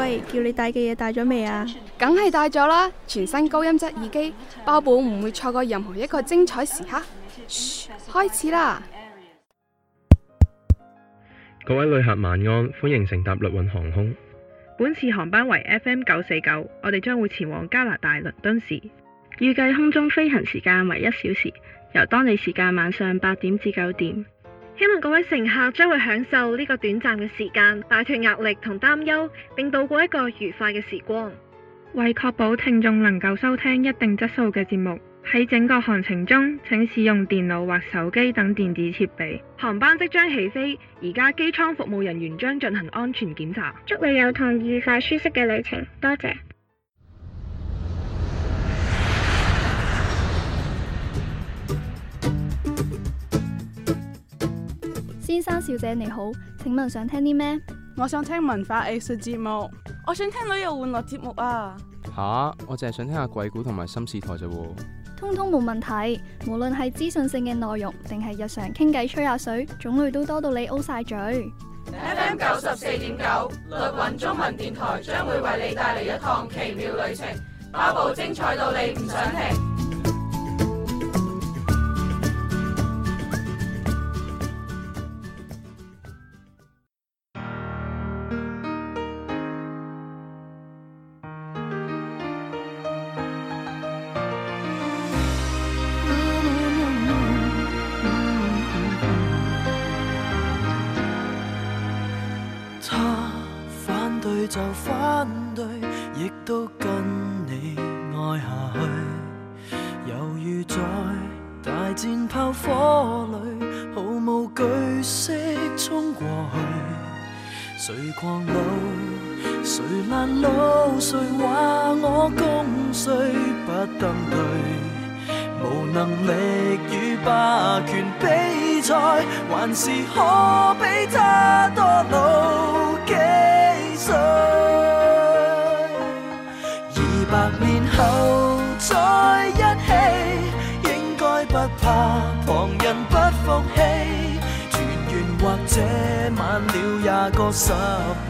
喂，叫你帶嘅嘢帶咗未啊？梗係帶咗啦，全新高音質耳機，包保唔會錯過任何一個精彩時刻。嘘，開始啦！各位旅客晚安，歡迎乘搭陸運航空。本次航班為 FM 九四九，我哋將會前往加拿大倫敦市，預計空中飛行時間為一小時，由當地時間晚上八點至九點。希望各位乘客將會享受呢個短暫嘅時間，擺脫壓力同擔憂，並度過一個愉快嘅時光。為確保聽眾能夠收聽一定質素嘅節目，喺整個航程中，請使用電腦或手機等電子設備。航班即將起飛，而家機艙服務人員將進行安全檢查。祝你有趟愉快舒適嘅旅程，多謝。先生小姐你好，請問想聽啲咩？我想聽文化藝術節目，我想聽旅遊玩樂節目啊。吓，我淨係想聽下鬼故同埋心事台啫。通通冇問題，無論係資訊性嘅內容，定係日常傾偈、吹下水，種類都多到你 O 晒嘴。FM 九十四點九綠韻中文電台將會為你帶嚟一趟奇妙旅程，包播精彩到你唔想停。下個十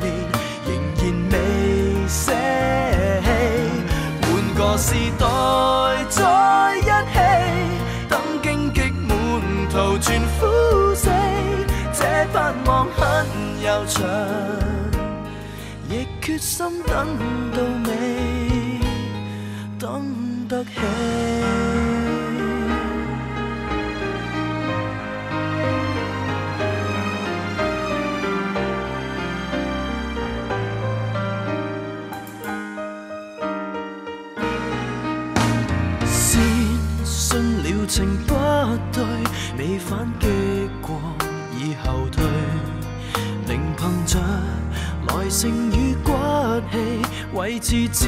年仍然未捨棄，換個時代再一起，等荊棘滿途全枯死，這盼望很悠長，亦決心等到你等得起。未反擊過，已後退，仍憑着耐性與骨氣，維持自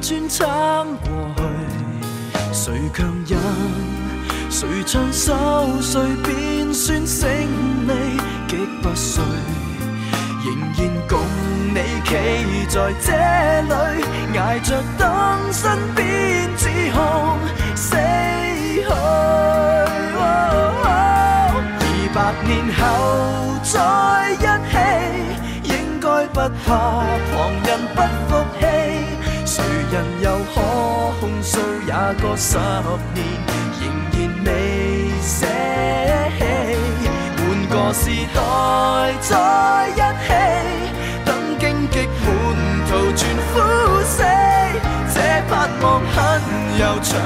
尊撐過去。誰強忍，誰搶手，誰便算勝利。極不衰，仍然共你企在這裏，捱着等，身邊只恐死去。百年後再一起，應該不怕旁人不服氣。誰人又可控訴也過十年，仍然未捨棄。換個時代再一起，等荊棘滿途全枯死，這盼望很悠長。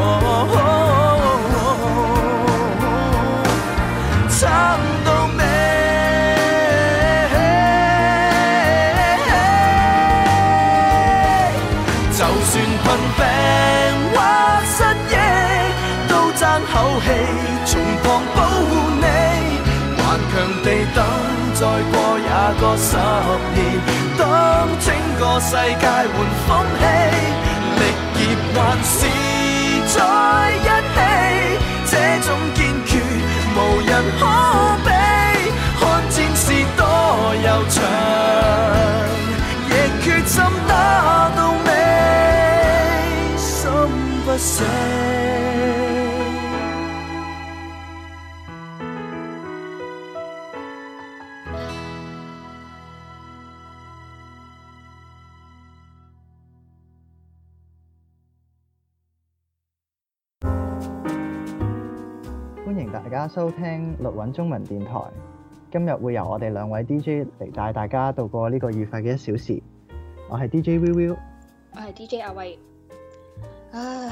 哦從旁保護你，頑強地等，再過廿個十年。當整個世界換風氣，力竭還是在一起，這種堅決無人可比。看戰事多悠長，亦決心打到尾，心不死。大家收聽綠韻中文電台，今日會由我哋兩位 DJ 嚟帶大家度過呢個愉快嘅一小時。我係 DJ Wil Wil，我係 DJ 啊喂。唉，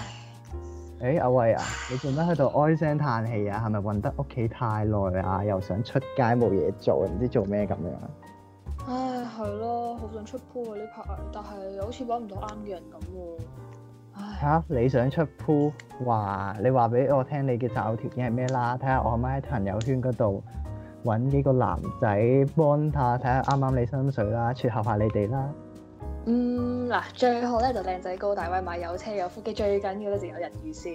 誒，啊喂啊，你做咩喺度唉聲嘆氣啊？係咪混得屋企太耐啊？又想出街冇嘢做，唔知做咩咁樣？唉，係咯，好想出鋪啊呢排，但係又好似搵唔到啱嘅人咁。吓、啊、你想出鋪話，你話俾我聽你嘅擇偶條件係咩啦？睇下我可唔可以喺朋友圈嗰度揾幾個男仔幫下，睇下啱啱你心水啦，撮合下，下你哋啦。嗯，嗱，最好咧就靚、是、仔高大威猛，有車有腹肌，最緊要咧就有人如是。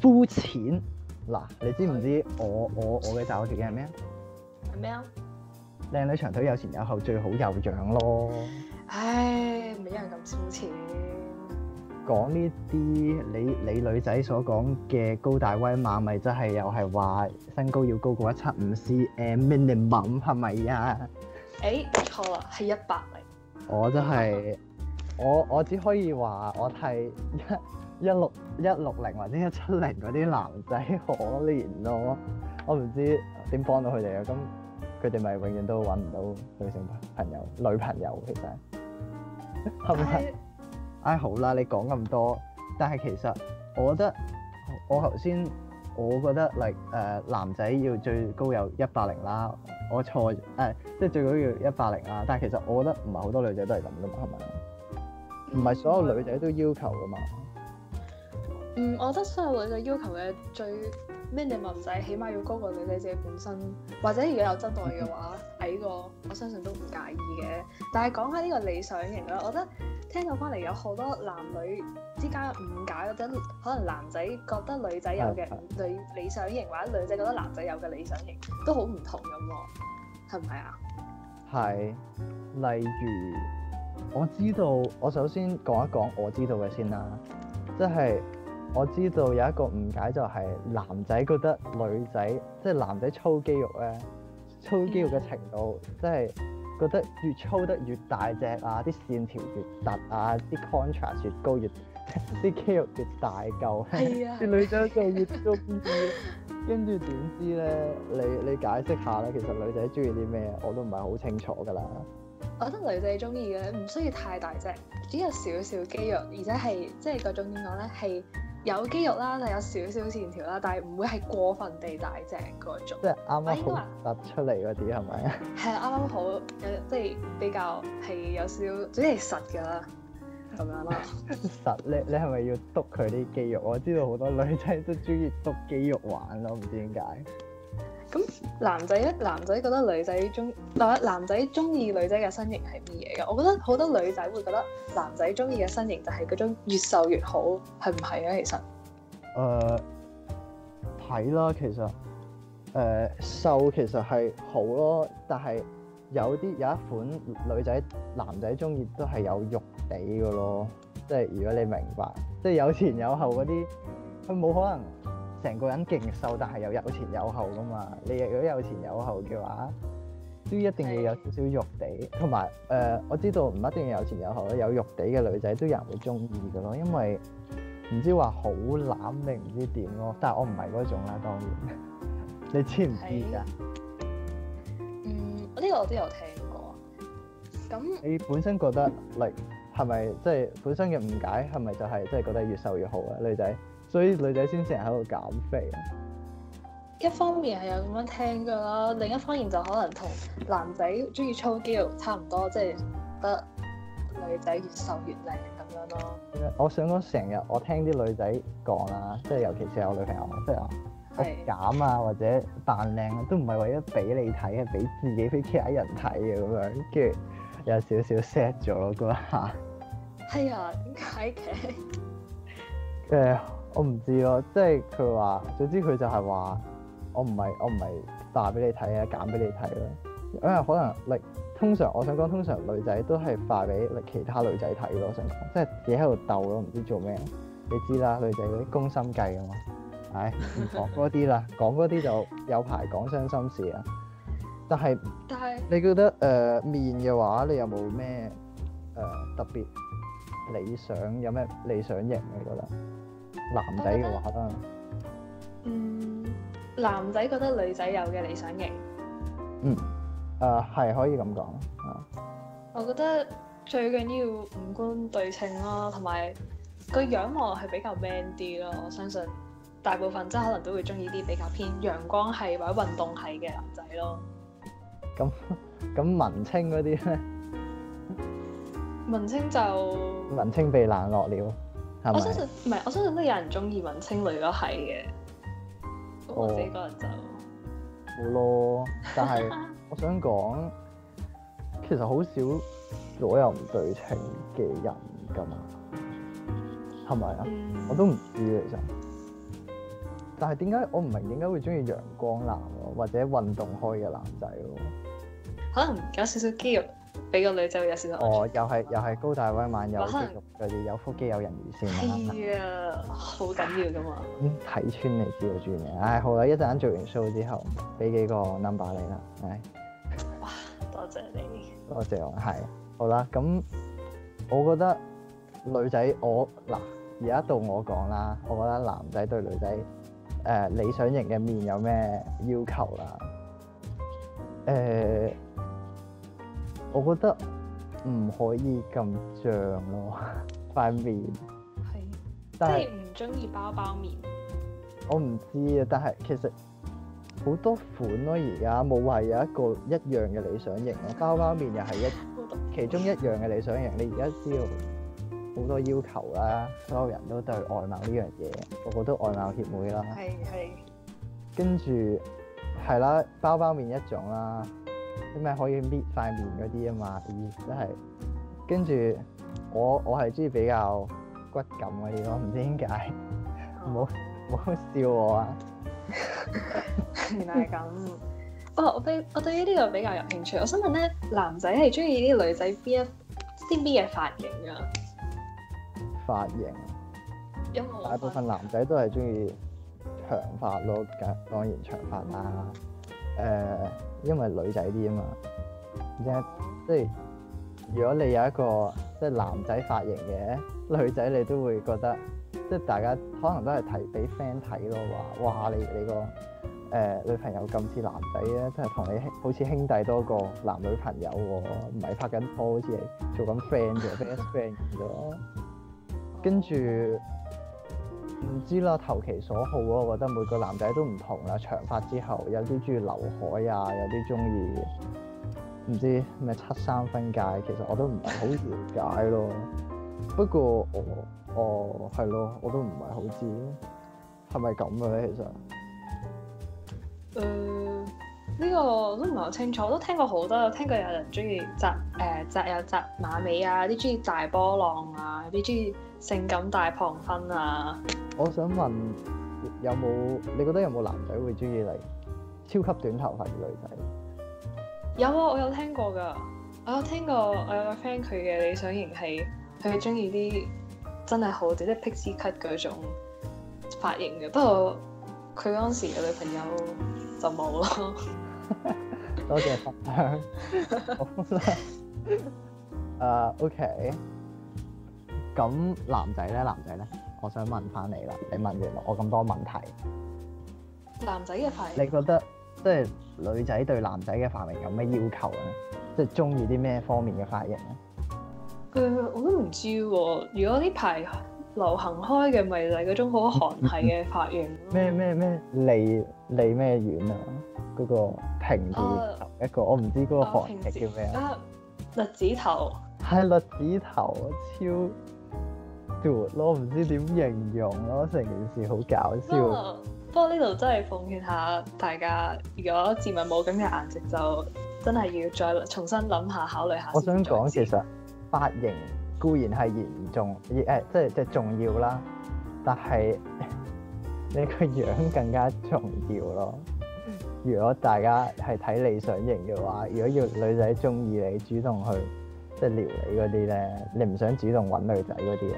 膚淺嗱，你知唔知我是我我嘅擇偶條件係咩啊？係咩啊？靚女長腿有前有後最好有樣咯。唉，咪一樣咁膚淺。講呢啲，你你女仔所講嘅高大威猛，咪真係又係話身高要高過一七五 cm minimum 係咪呀？誒、欸，錯啦，係一百零、就是。我真係我我只可以話我係一一六一六零或者一七零嗰啲男仔可憐咯，我唔知點幫到佢哋啊，咁佢哋咪永遠都搵唔到女性朋友女朋友其實係咪？唉、哎，好啦，你講咁多，但係其實我覺得我頭先我覺得嚟誒、呃、男仔要最高有一百零啦，我錯誒，即、哎、係最高要一百零啦。但係其實我覺得唔係好多女仔都係咁噶嘛，係咪唔係所有女仔都要求噶嘛？嗯，我覺得所有女仔要求嘅最咩 minimum，起碼要高過女仔自己本身，或者如果有真愛嘅話，矮、 呢個我相信都唔介意嘅。但係講下呢個理想型啦，我覺得。聽到翻嚟有好多男女之間誤解，或者可能男仔覺得女仔有嘅理理想型，或者女仔覺得男仔有嘅理想型，都好唔同咁喎，係唔係啊？係，例如我知道，我首先講一講我知道嘅先啦，即係我知道有一個誤解就係男仔覺得女仔，即係男仔操肌肉咧，操肌肉嘅程度即係。嗯，即係覺得越粗得越大隻啊，啲線條越凸啊，啲 contrast 越高越，啲 肌肉越大嚿。係啊！啲女仔就越都跟住點知咧？你你解釋下啦。其實女仔中意啲咩，我都唔係好清楚㗎啦。我覺得女仔中意咧，唔需要太大隻，只有少少肌肉，而且係即係嗰種點講咧，係。有肌肉啦，就有少少線條啦，但係唔會係過分地大隻嗰種。即係啱啱好突出嚟嗰啲係咪？係啱啱好，有即係比較係有少少，總之係實㗎啦，咁樣咯。 實咧，你係咪要篤佢啲肌肉？我知道好多女仔都中意篤肌肉玩咯，唔知點解。咁男仔咧，男仔覺得女仔中，男男仔中意女仔嘅身形係乜嘢嘅？我覺得好多女仔會覺得男仔中意嘅身形就係嗰種越瘦越好，係唔係咧？其實誒，係、呃、啦，其實誒瘦其實係好咯，但係有啲有一款女仔男仔中意都係有肉地㗎咯，即係如果你明白，即係有前有後嗰啲，佢冇可能。成個人勁瘦，但係又有，有前有後噶嘛？你如果有前有後嘅話，都一定要有少少肉地，同埋誒，我知道唔一定要有前有後，有肉地嘅女仔都有人會中意嘅咯。因為唔知話好懶定唔知點咯，但係我唔係嗰種啦。當然， 你知唔知㗎？嗯，呢、呢個我都有聽過。咁你本身覺得，例如係咪即係本身嘅誤解係咪就係即係覺得越瘦越好啊？女仔？所以女仔先成日喺度減肥啊！一方面係有咁樣聽噶啦，另一方面就可能同男仔中意操肌肉差唔多，即係得女仔越瘦越靚咁樣咯。我想講成日我聽啲女仔講啦，即係尤其是我女朋友，即、就、係、是、減啊或者扮靚啊，都唔係為咗俾你睇啊，俾自己俾其他人睇啊咁樣。跟住有少少 set 咗嗰一下。係 啊、哎？點解嘅？即 我唔知咯，即係佢話，總之佢就係話我唔係我唔係化俾你睇啊，揀俾你睇咯，因為可能你通常我想講，通常女仔都係化俾其他女仔睇咯，我想講，即係自己喺度鬥咯，唔知做咩，你知啦，女仔嗰啲攻心計吖嘛。唉，唔講嗰啲啦，講嗰啲就有排講傷心事啊，但係但係你覺得誒、呃、面嘅話，你有冇咩誒特別理想有咩理想型你覺得？男仔嘅話啦，嗯，男仔覺得女仔有嘅理想型，嗯，誒、呃、係可以咁講，啊、嗯，我覺得最緊要五官對稱咯，同埋個樣貌係比較 man 啲咯，我相信大部分真係可能都會中意啲比較偏陽光系或者運動系嘅男仔咯。咁咁文青嗰啲咧？文青就文青被冷落了。是，是我相信唔係，我相信都有人中意文青女嗰係嘅。我自己個人就好咯、哦，但係我想講， 其實好少左右唔對稱嘅人噶嘛，係咪啊？嗯、我都唔知其實。但係點解我唔明點解會中意陽光男咯、啊，或者運動開嘅男仔咯、啊？可能有少少肌肉。俾個女仔有先少哦，又係又係高大威猛，又、嗯、可能有啲有腹肌、有人魚線，係啊，好緊要噶嘛。睇穿你照住咩？唉，好啦，一陣間做完 show 之後，俾幾個 number 你啦。唉，哇，多謝你，多謝我，係好啦。咁我覺得女仔，我嗱而家到我講啦。我覺得男仔對女仔誒、呃、理想型嘅面有咩要求啦？誒、呃。Okay. 我覺得唔可以咁脹咯，塊面。係的。即係唔中意包包面。我唔知啊，但係其實好多款咯，而家冇話有一個一樣嘅理想型咯。包包面又係一 其中一樣嘅理想型。你而家知道好多要求啦、啊，所有人都對外貌呢樣嘢，個個都外貌協會啦。係係。跟住係啦，包包面一種啦、啊。你咪可以搣塊面嗰啲啊嘛，咦！真係，跟住我我係中意比較骨感嗰啲咯，唔知點解。唔好唔好笑我啊！ 原來係咁。 哦，我對我對於呢個比較有興趣。我想問咧，男仔係中意啲女仔邊一啲邊嘅髮型啊？髮型，因為型大部分男仔都係中意長髮咯，梗當然長髮啦。誒、呃。因為女仔啲啊嘛，而且即係如果你有一個即係男仔髮型嘅女仔，你都會覺得即係大家可能都係提俾 friend 睇咯，話哇你你個誒、呃、女朋友咁似男仔咧，即係同你好似兄弟多過男女朋友喎，唔係拍緊拖，好似係做緊 friend 咯 best friend 咯，跟住。唔知啦，投其所好咯。我覺得每個男仔都唔同啦。長髮之後，有啲中意劉海啊，有啲中意，唔知咩七三分界。其實我都唔係好了解咯。 不過，我哦係咯，我都唔係好知，係咪咁嘅咧？其實是是，誒呢、呃呢個都唔係好清楚。我都聽過好多，聽過有人中意紮誒紮有紮馬尾啊，啲中意大波浪啊，有啲中意。性感大胖婚啊！我想問有冇你覺得有冇男仔會中意你，超級短頭髮嘅女仔？有啊，我有聽過㗎，我有聽過，我有個 friend 佢嘅理想型係佢中意啲真係好即係 Pixie Cut 嗰種髮型嘅，不過佢嗰時嘅女朋友就冇咯。多謝分享。啊 ，OK。咁男仔咧，男仔咧，我想問翻你啦，你問完我咁多問題，男仔嘅髮型，你覺得即係女仔對男仔嘅髮型有咩要求咧？即係中意啲咩方面嘅髮型咧？誒、嗯，我都唔知喎、啊。如果呢排流行開嘅，咪嚟嗰種好韓系嘅髮型。咩咩咩，利利咩丸啊？嗰、 啊那個平字、啊、一個，我唔知嗰個韓劇叫咩啊？栗、啊、子頭係栗、啊、子頭，超～咯，唔知點形容咯，成件事好搞笑。啊、不過呢度真係奉勸下大家，如果自問冇咁嘅顏值，就真係要再重新諗下、考慮下。我想講，其實髮型固然係嚴重，誒、欸，即係即係重要啦。但係 你個樣更加重要咯。嗯、如果大家係睇理想型嘅話，如果要女仔中意你，主動去即係撩你嗰啲咧，你唔想主動揾女仔嗰啲咧？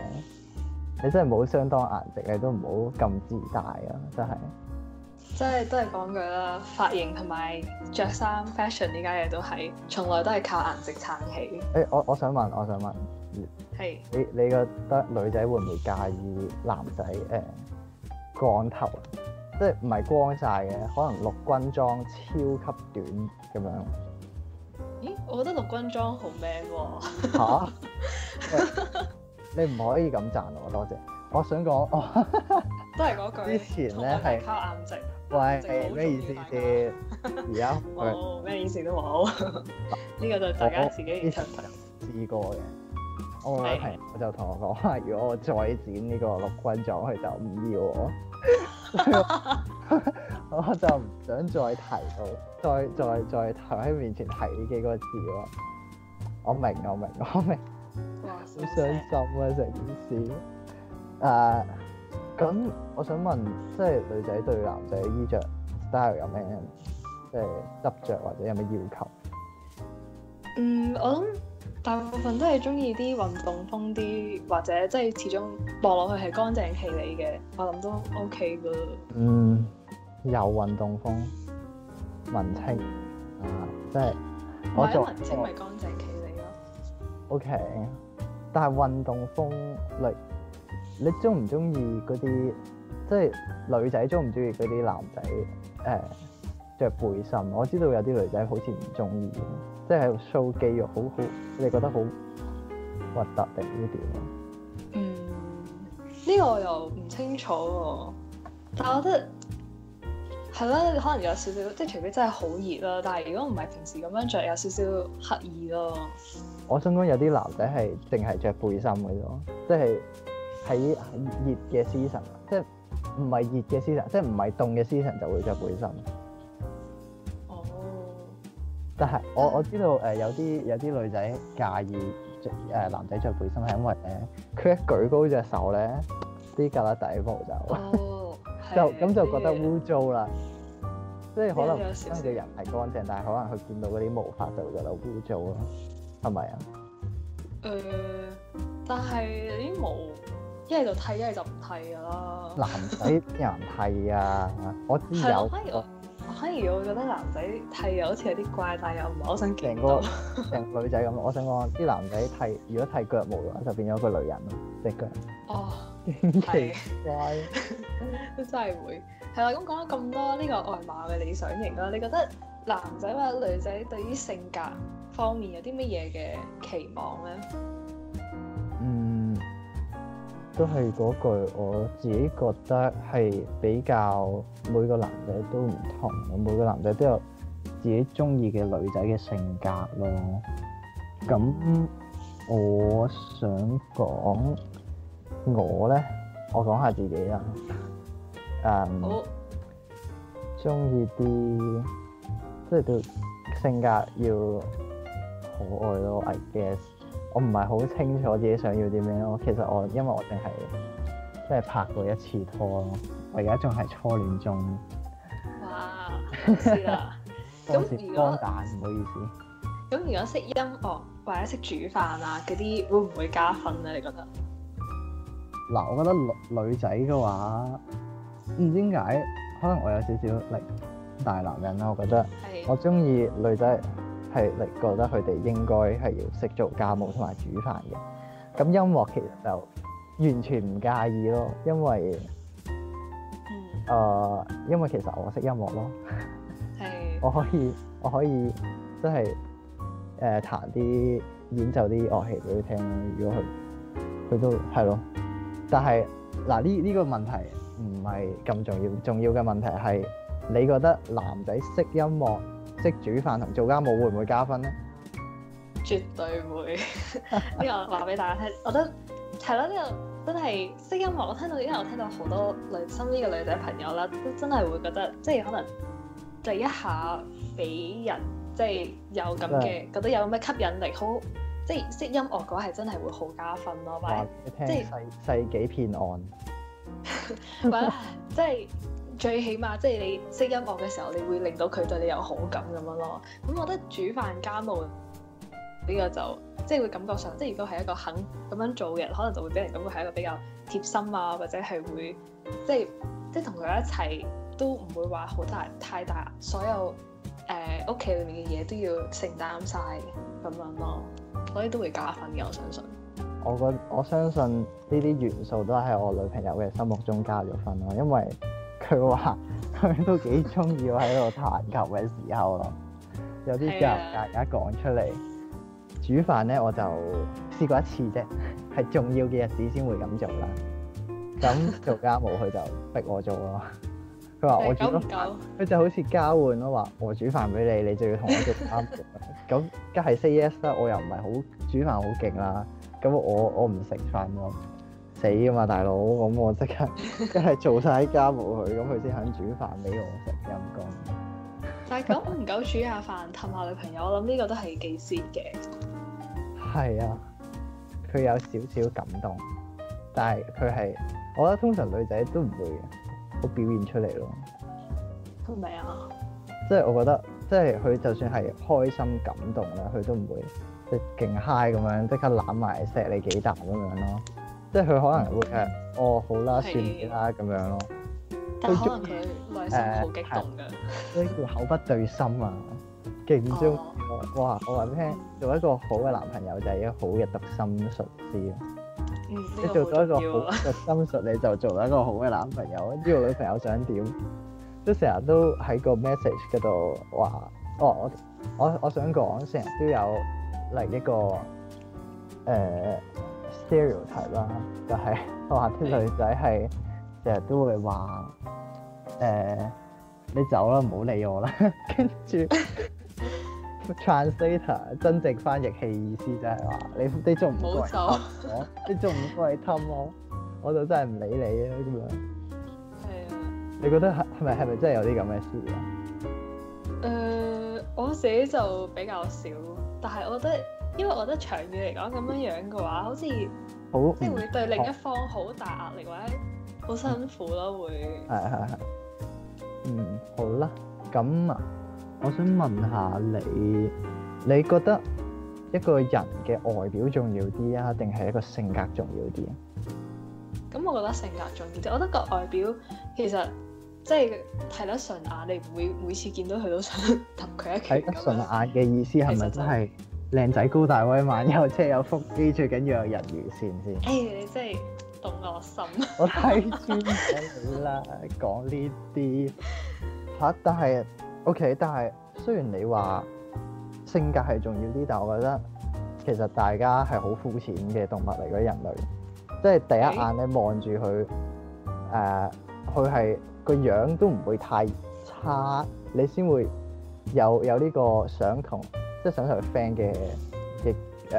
你真係冇相當顏值，你都唔好咁自大啊！真係，真係都係講句啦，髮型同埋着衫 fashion 呢家嘢都係，從來都係靠顏值撐起。誒、欸，我我想問，我想問，係是你你覺得女仔會唔會介意男仔誒、呃、光頭？即係唔係光晒嘅？可能陸軍裝超級短咁樣。咦？我覺得陸軍裝好 man 喎、哦。 啊欸 你唔可以咁讚我，多謝。我想講，都係嗰句。之前咧係靠眼直，喂，咩意思先？而家。哦，咩意思都冇。呢個就大家自己去試過嘅。係。我就同我講，如果我再剪呢個陸軍裝，佢就唔要我。我就唔想再提到，再再再喺面前提呢幾個字。我明，我明，我明。哇，好傷心啊，成件事。誒、uh,，咁我想問，即係女仔對男仔衣着 style 有咩，即係執着或者有咩要求？嗯，我諗大部分都係中意啲運動風啲，或者即係始終望落去係乾淨企理嘅，我諗都 OK 噶嗯，有運動風，文青啊，uh, 即係我做文青咪乾淨。O.K. 但係運動風力，你中唔中意嗰啲，即係女仔中唔中意嗰啲男仔誒著背心？我知道有啲女仔好似唔中意，即係 show 肌肉好，好好你覺得好核突定呢點啊？嗯，呢、呢個我又唔清楚喎。但係我覺得係咯，可能有少少即係，除非真係好熱啦。但係如果唔係平時咁樣着，有少少刻意咯。我想講，有啲男仔係淨係着背心嘅啫，即係喺熱嘅 season，即係唔係熱嘅 season，即係唔係凍嘅 season 就會着背心。哦。但係我我知道誒、呃、有啲有啲女仔介意著誒、呃、男仔着背心係因為咧，佢、呃、一舉高隻手咧，啲格拉底部就，哦、 就咁就覺得污糟啦。即係的可能香港嘅人係乾淨，但係可能佢見到嗰啲毛髮就會覺得污糟咯。係咪、right? uh, 啊？誒，但係啲毛一係就剃，一係就唔剃噶啦。男仔有人剃噶，我係咯，反而我反而我覺得男仔剃又好似有啲怪，但又唔， 我想成個成女仔咁。我想講啲男仔剃，如果剃腳毛嘅話，就變咗個女人咯，隻腳。哦，好奇怪， See 真係會。係啦，咁講咗咁多呢個外貌嘅理想型啦，你覺得男仔或者女仔對於性格，方面有啲乜嘢嘅期望咧？嗯，都係嗰句，我自己覺得係比較每個男仔都唔同嘅，每個男仔都有自己中意嘅女仔嘅性格咯。咁我想講我咧，我講下自己啊。誒，中意啲即係對性格要。可愛咯，I guess 我唔係好清楚自己想要啲咩咯。我其實我因為我淨係即係拍過一次拖咯，我而家仲係初戀中。哇，識啦，光 蛋唔、嗯、好意思。咁、嗯、如果識音樂或者識煮飯啊嗰啲，會唔會加分咧？啊？你覺得？嗱，我覺得女女仔嘅話唔知點解，可能我有少少力大男人啦。我覺得我中意女仔。的係，你覺得佢哋應該係要識做家務同埋煮飯嘅。咁音樂其實就完全唔介意咯，因為，嗯，誒，因為其實我識音樂咯，係，我可以，我可以，即係誒彈啲演奏啲樂器俾佢聽咯。如果佢佢都係咯，但係嗱呢呢個問題唔係咁重要，重要嘅問題係你覺得男仔識音樂？即識煮飯同做家務會唔會加分咧？絕對會呢。 個話俾大家聽， 我覺得係咯，呢、呢個真係識音樂。我聽到因為我聽到好多女生呢個女仔朋友啦，都真係會覺得即係、就是、可能第一就一下俾人即係有咁嘅 覺得有咁嘅吸引力，好即係識音樂嘅話係真係會好加分咯，或者即係世世紀騙案，或者即係。最起碼即係、就是、你識音樂嘅時候，你會令到佢對你有好感咁樣咯。咁我覺得煮飯家務呢、這個就即係、就是、會感覺上，即、就、係、是、如果係一個肯咁樣做嘅，可能就會俾人感覺係一個比較貼心啊，或者係會即係即係同佢一齊都唔會話好大太大，所有誒屋企裡面嘅嘢都要承擔晒咁樣咯。所以都會加分嘅，我相信。我覺我相信呢啲元素都喺我女朋友嘅心目中加咗分咯，因為。佢話佢都幾中意我喺度彈琴嘅時候咯， 有啲時候大家講出嚟。啊、煮飯咧我就試過一次啫，係重要嘅日子先會咁做啦。咁做家務佢就逼我做咯。佢 話我，我煮飯，佢就好似交換咯，話我煮飯俾你，你就要同我做家務。咁梗係 say yes 啦、yes，我又唔係好煮飯好勁啦，咁我我唔食飯咯。死啊嘛，大佬咁我即刻即係做晒家務佢咁，佢先肯煮飯俾我食。陰功，但係咁唔夠煮下飯氹下女朋友，我諗呢個都係幾 sweet 嘅。係啊，佢有少少感動，但係佢係，我覺得通常女仔都唔會好表現出嚟咯，係咪啊？即係我覺得，即係佢就算係開心、感動啦，佢都唔會即係勁 high 咁樣，即刻攬埋錫你幾啖咁樣咯。即係佢可能會誒，哦好啦，算啦咁樣咯。但係可能佢內心好激動嘅。呢叫口不對心啊！勁中，我話我話俾你聽，做一個好嘅男朋友就係一個好嘅讀心術師。你做咗一個好讀心術，你就做咗一個好嘅男朋友。呢個女朋友想點？都成日都喺個 message 嗰度話，哦我我我想講，成日都有嚟一個誒。stereotype 啦，St otype，就係話啲女仔係成日都會話誒、呃，你走啦，唔好理我啦。 跟住著 translator 真正翻譯器意思就係話，你你仲唔好別走， 你仲唔過嚟氹我，我就真係唔理你啊。咁樣，係啊，你覺得係咪係咪真係有啲咁嘅事啊？誒、呃，我自己就比較少，但係我覺得。因為我覺得長遠嚟講咁樣樣嘅話，好似好即係會對另一方好大壓力或者好辛苦咯，會係係係。嗯，好啦，咁啊，我想問下你，你覺得一個人嘅外表重要啲啊，定係一個性格重要啲啊？咁我覺得性格重要啲，我覺得個外表其實即係睇得順眼，你會每次見到佢都想同佢一齊。睇得順眼嘅意思係咪真係？靚仔高大威猛，又即係有腹肌，最緊要有人魚線先。誒，hey，你真係動我心。 我睇住你啦，講呢啲嚇，但係 OK，但係雖然你話性格係重要啲，但我覺得其實大家係好膚淺嘅動物嚟嘅人類，即係第一眼你望住佢誒，佢係個樣都唔會太差，你先會有有呢個想同。即係想做 friend 嘅嘅誒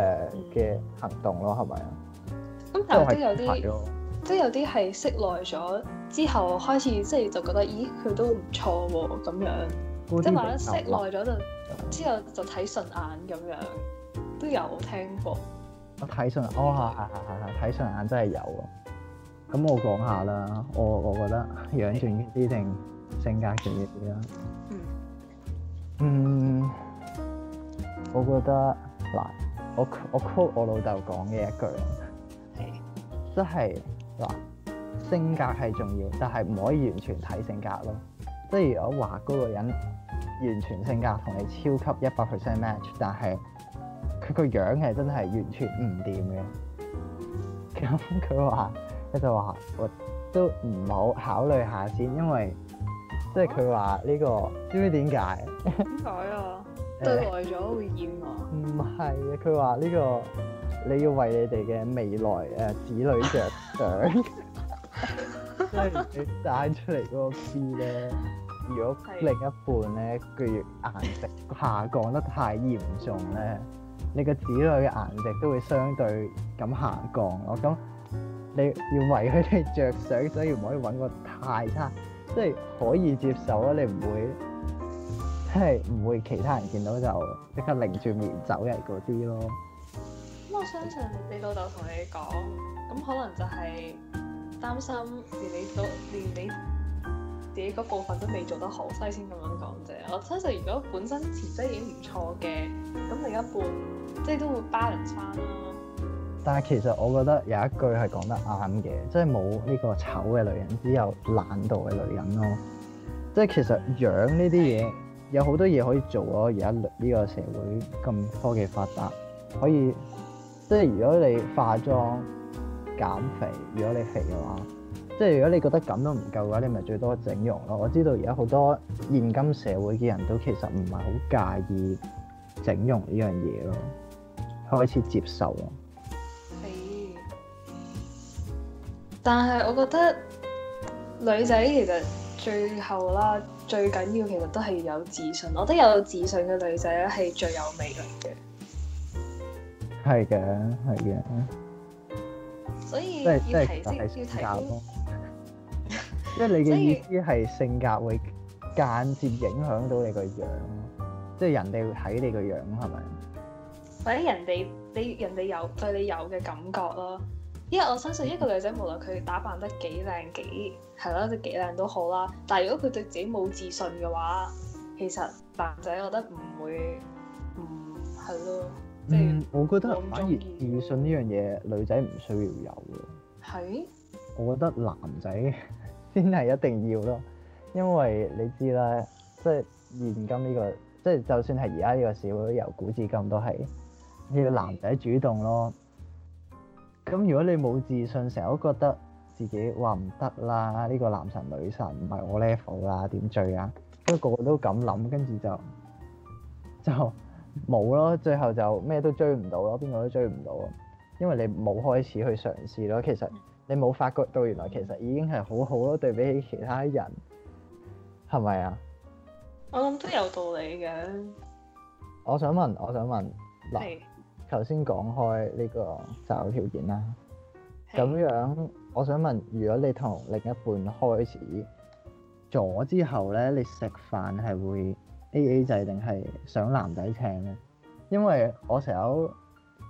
嘅行動咯，係咪、嗯？咁、嗯、但係、嗯、都有啲，都有啲係識耐咗之後開始，即係就覺得，咦佢都唔錯喎，咁樣。即係話識耐咗就之後就睇順眼咁樣，都有聽過。我睇順哦，係係係係，睇、啊、順眼真係有啊！咁我講下啦，我我覺得樣全啲定性格全啲啦。嗯。嗯。我覺得嗱，我我 quote 我老豆講嘅一句，即係嗱，性格係重要，但係唔可以完全睇性格咯。即係如果話嗰個人完全性格同你超級一百 percent match，但係佢個樣係真係完全唔掂嘅。咁佢話，佢就話我都唔好考慮下先，因為即係佢話呢個知唔知點解？點解啊？知對耐咗、欸、會厭啊？唔係啊，佢話呢個你要為你哋嘅未來誒、呃、子女着想，即 你生出嚟嗰個 B 咧，如果另一半咧佢顏值下降得太嚴重咧，你個子女嘅顏值都會相對咁下降咯。咁你要為佢哋着想，所以唔可以搵個太差，即係可以接受啊，你唔會。即係唔會其他人見到就即刻擰住面走人嗰啲咯。咁我相信你老豆同你講，咁可能就係擔心連你都連你自己嗰部分都未做得好，所以先咁樣講啫。我相信如果本身潛質已經唔錯嘅，咁另一半即係、就是、都會 balance 翻咯。但係其實我覺得有一句係講得啱嘅，即係冇呢個醜嘅女人，只有懶惰嘅女人咯。即係其實樣呢啲嘢。嗯有好多嘢可以做啊！而家呢個社會咁科技發達，可以即係如果你化妝減肥，如果你肥嘅話，即係如果你覺得咁都唔夠嘅話，你咪最多整容咯。我知道而家好多現今社會嘅人都其實唔係好介意整容呢樣嘢咯，開始接受咯。但係我覺得女仔其實最後啦。最緊要其實都係要有自信，我覺得有自信嘅女仔咧係最有魅力嘅。係嘅，係嘅。所以即係即係要提升教多。即係你嘅意思係性格會間接影響到你個樣，即係人哋會睇你個樣係咪，或者人哋你人哋有對你有嘅感覺咯。因為我相信一個女仔無論佢打扮得幾靚幾係咯，即係幾靚都好啦。但係如果佢對自己冇自信嘅話，其實男仔我覺得唔會，唔係即係嗯，我覺得反而自信呢樣嘢女仔唔需要有咯。係是。我覺得男仔先係一定要咯，因為你知啦，即係現今呢個，即係就算係而家呢個社會由古至今都係呢個男仔主動咯。咁如果你冇自信，成日都覺得自己話唔得啦，呢個男神女神唔係我 level 啦，點追啊？因為個個都咁諗，跟住就就冇咯，最後就咩都追唔到咯，邊個都追唔到咯，因為你冇開始去嘗試咯。其實你冇發覺到原來其實已經係好好咯，對比起其他人，係咪啊？我諗都有道理嘅。我想問，我想問，嗱。頭先講開呢個擇偶條件啦，咁的樣我想問，如果你同另一半開始咗之後咧，你食飯係會 A A 制定係想男仔請咧？因為我成日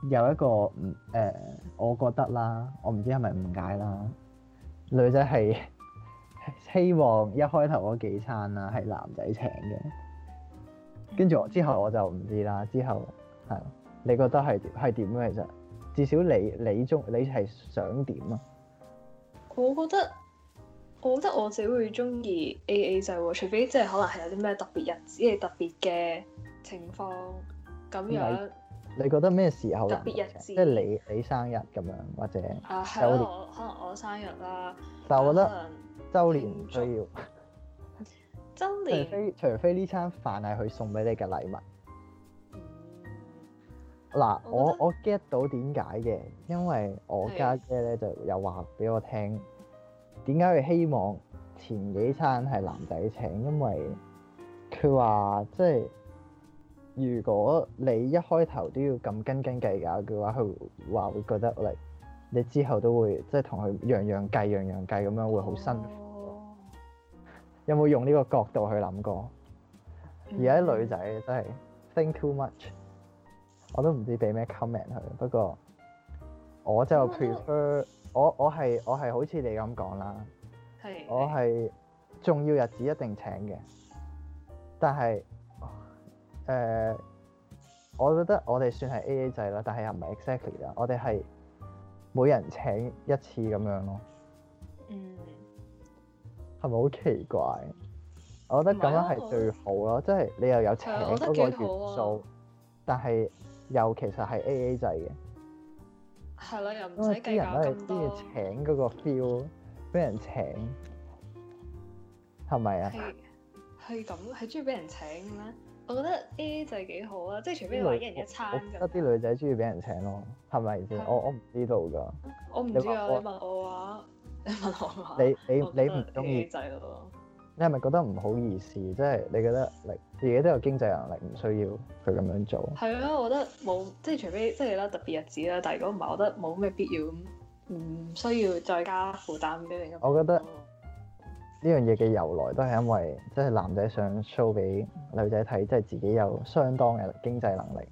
有一個唔誒、呃，我覺得啦，我唔知係咪誤解啦，女仔係 希望一開頭嗰幾餐啊係男仔請嘅，跟住我之後我就唔知啦，之後係。你覺得係係點咧？其實至少你你中你係想點啊？我覺得我覺得我自己會中意 A A 制喎，除非即係可能係有啲咩特，特，特別日子、特別嘅情況咁樣。你覺得咩時候特別日子？即係你你生日咁樣，或者週年？啊係啊、我可能我生日啦。但係我覺得周年唔需要。週年除非除非呢餐飯係佢送俾你嘅禮物。嗱，啦我我 get 到點解嘅，因為我家姐咧是就有話俾我聽，點解佢希望前幾餐係男仔請，因為佢話即係如果你一開頭都要咁斤斤計較嘅話，佢話會覺得你你之後都會即係同佢樣樣計樣樣計咁樣會好辛苦。哦、 有冇用呢個角度去諗過？而家、嗯、女仔真係 think too much。我都唔知俾咩 comment 佢，不過我就 prefer、嗯、我我係我係好似你咁講啦，我係重要日子一定請嘅，但係誒、呃，我覺得我哋算係 A A 制啦，但係又唔係 exactly 啦，我哋係每人請一次咁樣咯，嗯，係咪好奇怪？我覺得咁樣係最好咯，即係、啊、你又有請嗰個元素，啊、但係。又其實係 A A 制嘅，係咯，又唔使計較咁多。因為人咧，中意請嗰個 feel，俾人請係咪啊？係咁是，係中意俾人請咩？我覺得 A A 制幾好啊，即係除非一人一餐得啲女仔中意俾人請咯，係咪先？我我唔知道㗎。我唔知說我我啊，你問我話、啊，你問我話，你你你唔中意。你係咪覺得唔好意思？即係你覺得你自己都有經濟能力，唔需要佢咁樣做。係啊，我覺得冇，即係除非即係啦特別日子啦，但係如果唔係，我覺得冇咩必要咁，唔需要再加負擔俾你。我覺得呢樣嘢嘅由來都係因為，即係男仔想 show 俾女仔睇，即係自己有相當嘅經濟能力，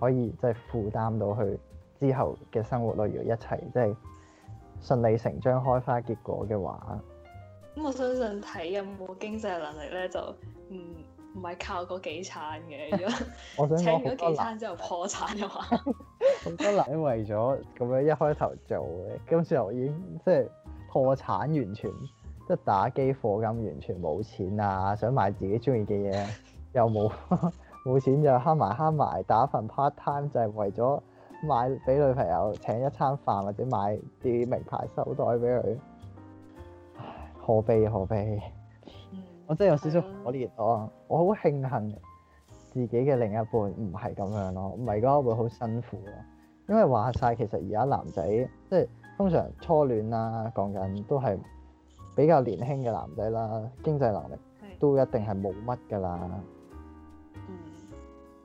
可以即係負擔到佢之後嘅生活，例如一齊即係順理成章開花結果嘅話。咁我相信睇有冇經濟能力咧，就唔唔係靠嗰幾餐嘅。如果 我想 請咗幾餐之後破產嘅話，咁都難為咗咁樣一開頭做嘅，今次我已經即係破產，完全即係打機貨金，完全冇錢啊！想買自己中意嘅嘢又冇冇 錢就，就慳埋慳埋打份 part time，就係為咗買俾女朋友請一餐飯，或者買啲名牌手袋俾佢。可悲可悲，嗯、我真係有少少可憐、啊、我。我好慶幸自己嘅另一半唔係咁樣咯，唔係嘅話會好辛苦咯。因為話晒，其實而家男仔即係通常初戀啦，講緊都係比較年輕嘅男仔啦，經濟能力都一定係冇乜噶啦。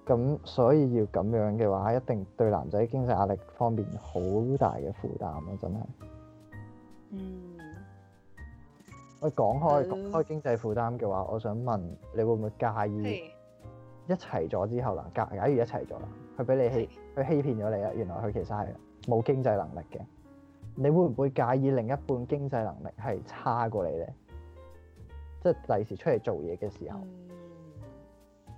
咁是所以要咁樣嘅話，一定對男仔經濟壓力方面好大嘅負擔咯、啊，真係。嗯。我講開講開經濟負擔嘅話，我想問你會唔會介意一齊咗之後啦？假假如一齊咗啦，佢俾你欺佢的欺騙咗你啦，原來佢其實係冇經濟能力嘅，你會唔會介意另一半經濟能力係差過你咧？即係第時出嚟做嘢嘅時候，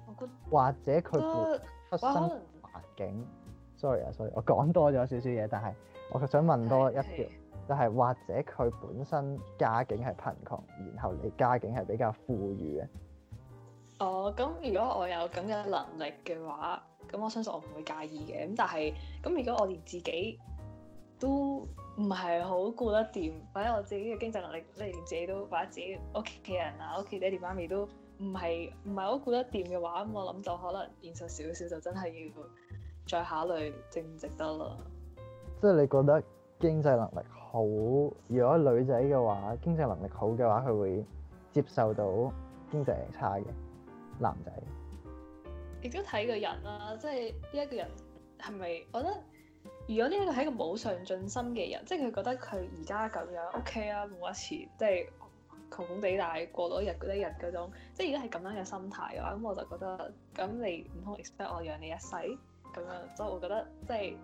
嗯、或者佢出生環境？Sorry 啊，Sorry，我講多咗少少嘢，但係我想問多一條。就係或者佢本身家境係貧窮，然後你家境係比較富裕嘅。哦，咁如果我有咁嘅能力嘅話，咁我相信我唔會介意嘅。咁但係咁，如果我連自己都唔係好顧得掂，或者我自己嘅經濟能力，即係連自己都或者自己屋企嘅人啊、屋企爹哋媽咪都唔係唔係好顧得掂嘅話，咁我諗就可能現實少少就真係要再考慮值唔值得啦。即係你覺得經濟能力？好，如果女仔嘅話，經濟能力好嘅話，佢會接受到經濟差嘅男仔。亦都睇個人啦，即係呢一個人係咪？我覺得，如果呢一個係一個冇上進心嘅人，即係佢覺得佢而家咁樣 OK 啊，冇錢，即係窮地大，但係過多日嗰啲日嗰種，即係如果係咁樣嘅心態嘅話，咁我就覺得，咁你唔通 expect 我養你一世咁樣，所以我覺得即係。就是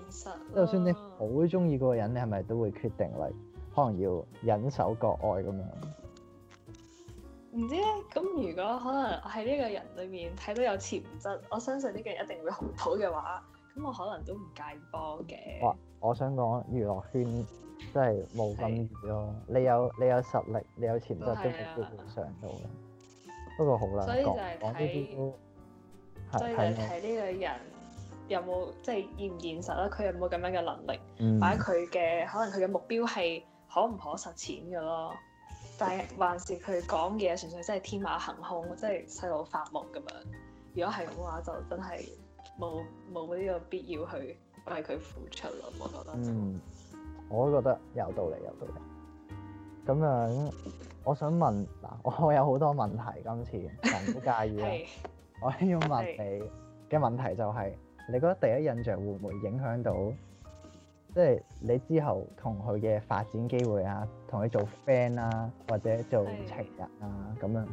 即就算你好中意嗰個人，你係咪都會決定嚟？可能要忍手割愛咁樣？唔知咧，咁如果可能喺呢個人裏面睇到有潛質，我相信呢個人一定會好到嘅話，咁我可能都唔介意幫嘅。哇！我想講娛樂圈真係冇咁易咯。是你有你有實力，你有潛質，啊、都未必會上到嘅。不過好啦，所以就係睇，所以就睇呢是個人。有冇即係現唔現實啦？佢有冇咁樣嘅能力？或者佢嘅可能佢嘅目標係可唔可實踐嘅咯？但係還是佢講嘢純粹真係天馬行空，即係細路發夢咁樣。如果係咁嘅話，就真係冇冇呢個必要去為佢、就是、付出咯。我覺得、就是。嗯，我都覺得有道理，有道理。咁樣，我想問嗱，我有好多問題今次，唔好介意啊。 是我要問你嘅是問題就係、是。你覺得第一印象會唔會影響到，即係你之後同佢嘅發展機會啊，同佢做 friend 啊，或者做情人啊咁樣？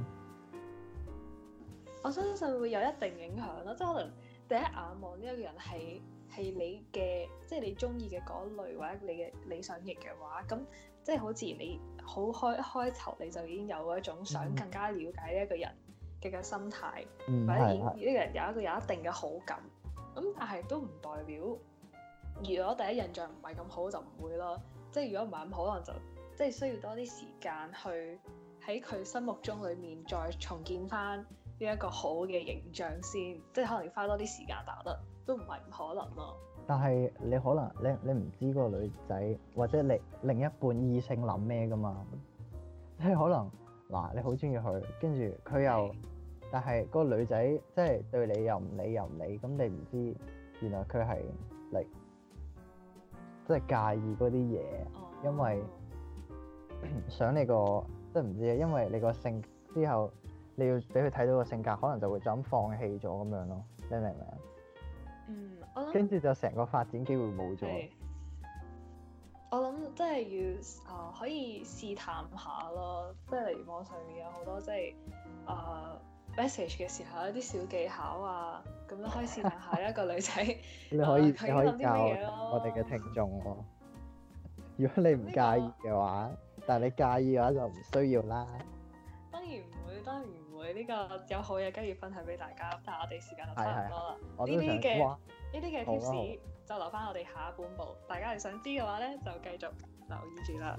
我相信會有一定影響咯。即係可能第一眼望呢一個人係係你嘅，即係你中意嘅嗰類，或者你嘅理想型嘅話，咁即係好似你好開開頭你就已經有一種想更加了解呢一個人嘅嘅心態，或者見呢個人有一個有一定嘅好感。咁、嗯、但係都唔代表，如果第一印象唔係咁好就唔會咯。即係如果唔係咁好，可能就即係需要多啲時間去喺佢心目中裡面再重建翻呢一個好嘅形象先。即係可能要花多啲時間，打得都唔係唔可能咯。但係你可能你你唔知個女仔或者你另一半異性諗咩㗎嘛？即、就、係、是、可能嗱、啊，你好中意佢，跟住佢又但係個女仔即係對你又唔理又唔理，咁、嗯、你唔知原來佢係嚟即係介意嗰啲嘢，oh. 因為想你個即係唔知啊，因為你個性之後你要俾佢睇到個性格，可能就會就咁放棄咗咁樣咯，你明唔明？嗯，我諗跟住就成個發展機會冇咗。我諗即係要啊、呃，可以試探下咯，即係例如網上面有好多即係啊。就是呃 message 嘅時候一啲小技巧啊，咁樣可以試下下一個女仔， 你可以、 uh, 你可以教我哋嘅 聽眾喎、哦。 如果你唔介意嘅話，呢個、但係你介意嘅話就唔需要啦。當然唔會，當然唔會。呢、呢個有好嘢跟住分享俾大家，但係我哋時間就差唔多啦。呢啲嘅呢啲嘅貼士就留翻我哋下一半部。好好，大家係想知嘅話咧，就繼續留意住啦。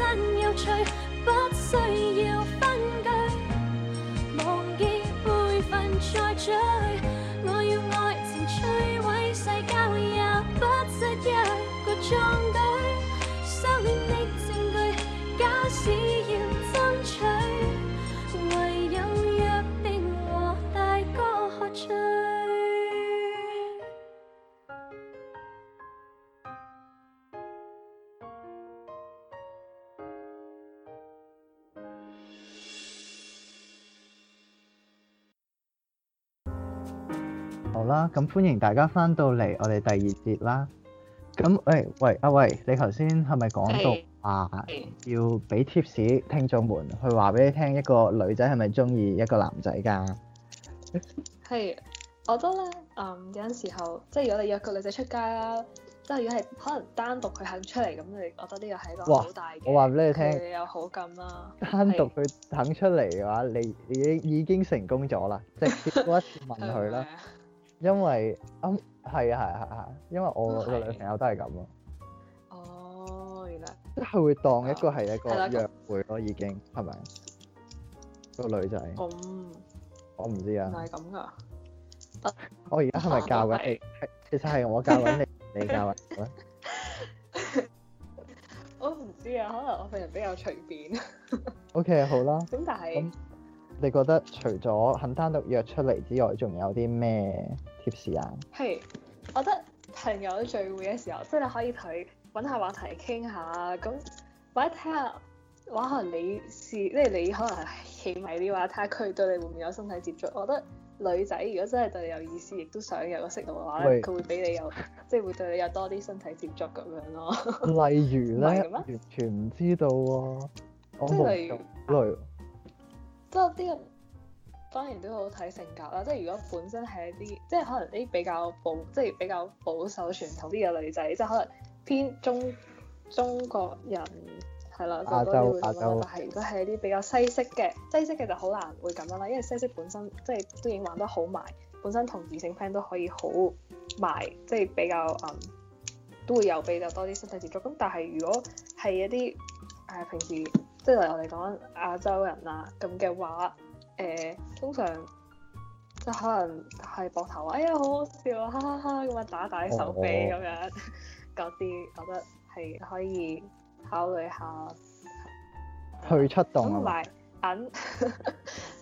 真有趣，不需要分居，忘記輩份再追。咁、啊、歡迎大家翻到嚟我哋第二節啦。咁，喂喂啊喂，你頭先係咪講到話是要俾 tips 聽眾們去話俾你聽一個女仔係咪中意一個男仔噶？係，我覺得咧，嗯，有陣時候即係如果你約個女仔出街啦，即係如果係可能單獨佢肯出嚟咁，你我覺得呢個係一個好大嘅，我話俾你聽，你有好感啦、啊。單獨佢肯出嚟嘅話，是你你已經成功咗啦，直接一次問佢啦。 是因為啱係啊係啊係啊，因為我個女朋友都係咁咯。哦，原來即係會當一個係一個約會咯，已經係咪，個女仔。咁我唔知啊。係咁噶。我而家係咪教緊？係其實係我教緊你，你教緊我咧。我唔知啊，可能我份人比較隨便。OK，好啦。咁但係。你覺得除咗肯單獨約出嚟之外，仲有啲咩貼士啊？係，hey, 我覺得朋友聚會嘅時候，即係你可以同佢揾下話題傾下，咁或者睇下，可能你試，即係你可能起碼啲話睇下佢對你會唔會有身體接觸。我覺得女仔如果真係對你有意思，亦都想有個識度嘅話咧，佢 Hey. 會畀你有，即係會對你有多啲身體接觸咁樣咯。例如咧， 完全唔知道喎、啊，我無能。即係啲人當然都好睇性格啦，即係如果本身係一啲即係可能啲比較保即係比較保守傳統啲嘅女仔，即係可能偏中中國人係啦，洲就多啲會咁樣。洲但係如果係一啲比較西式嘅西式嘅就好難會咁樣啦，因為西式本身即係都已經玩得好埋，本身同異性 friend 都可以好埋，即係比較嗯都會有比較多啲身體接觸。咁但係如果係一啲誒平時。即係我哋講亞洲人啊咁嘅話，誒、呃、通常即係可能係膊頭，哎呀好好笑啊，哈哈哈咁樣打打手臂咁樣嗰啲，哦、 我覺得係可以考慮下去出動同埋眼，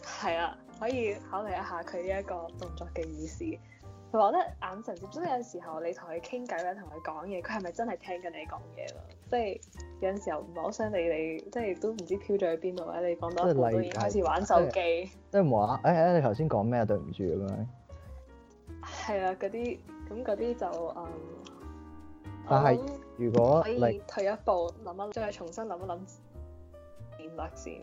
係啦，可以考慮一下佢呢一個動作嘅意思。佢話：覺得眼神接觸，有陣時候你同佢傾偈咧，同佢講嘢，佢係咪真係聽緊你講嘢咯？即係有陣時候唔係好想理你，即係都唔知漂咗去邊度咧。你講多一步都已經開始玩手機。即係話，誒誒，你頭先講咩啊？對唔住啊！係啊，嗰啲，咁嗰啲就誒。但係如果你退一步，諗一再重新諗一諗點先。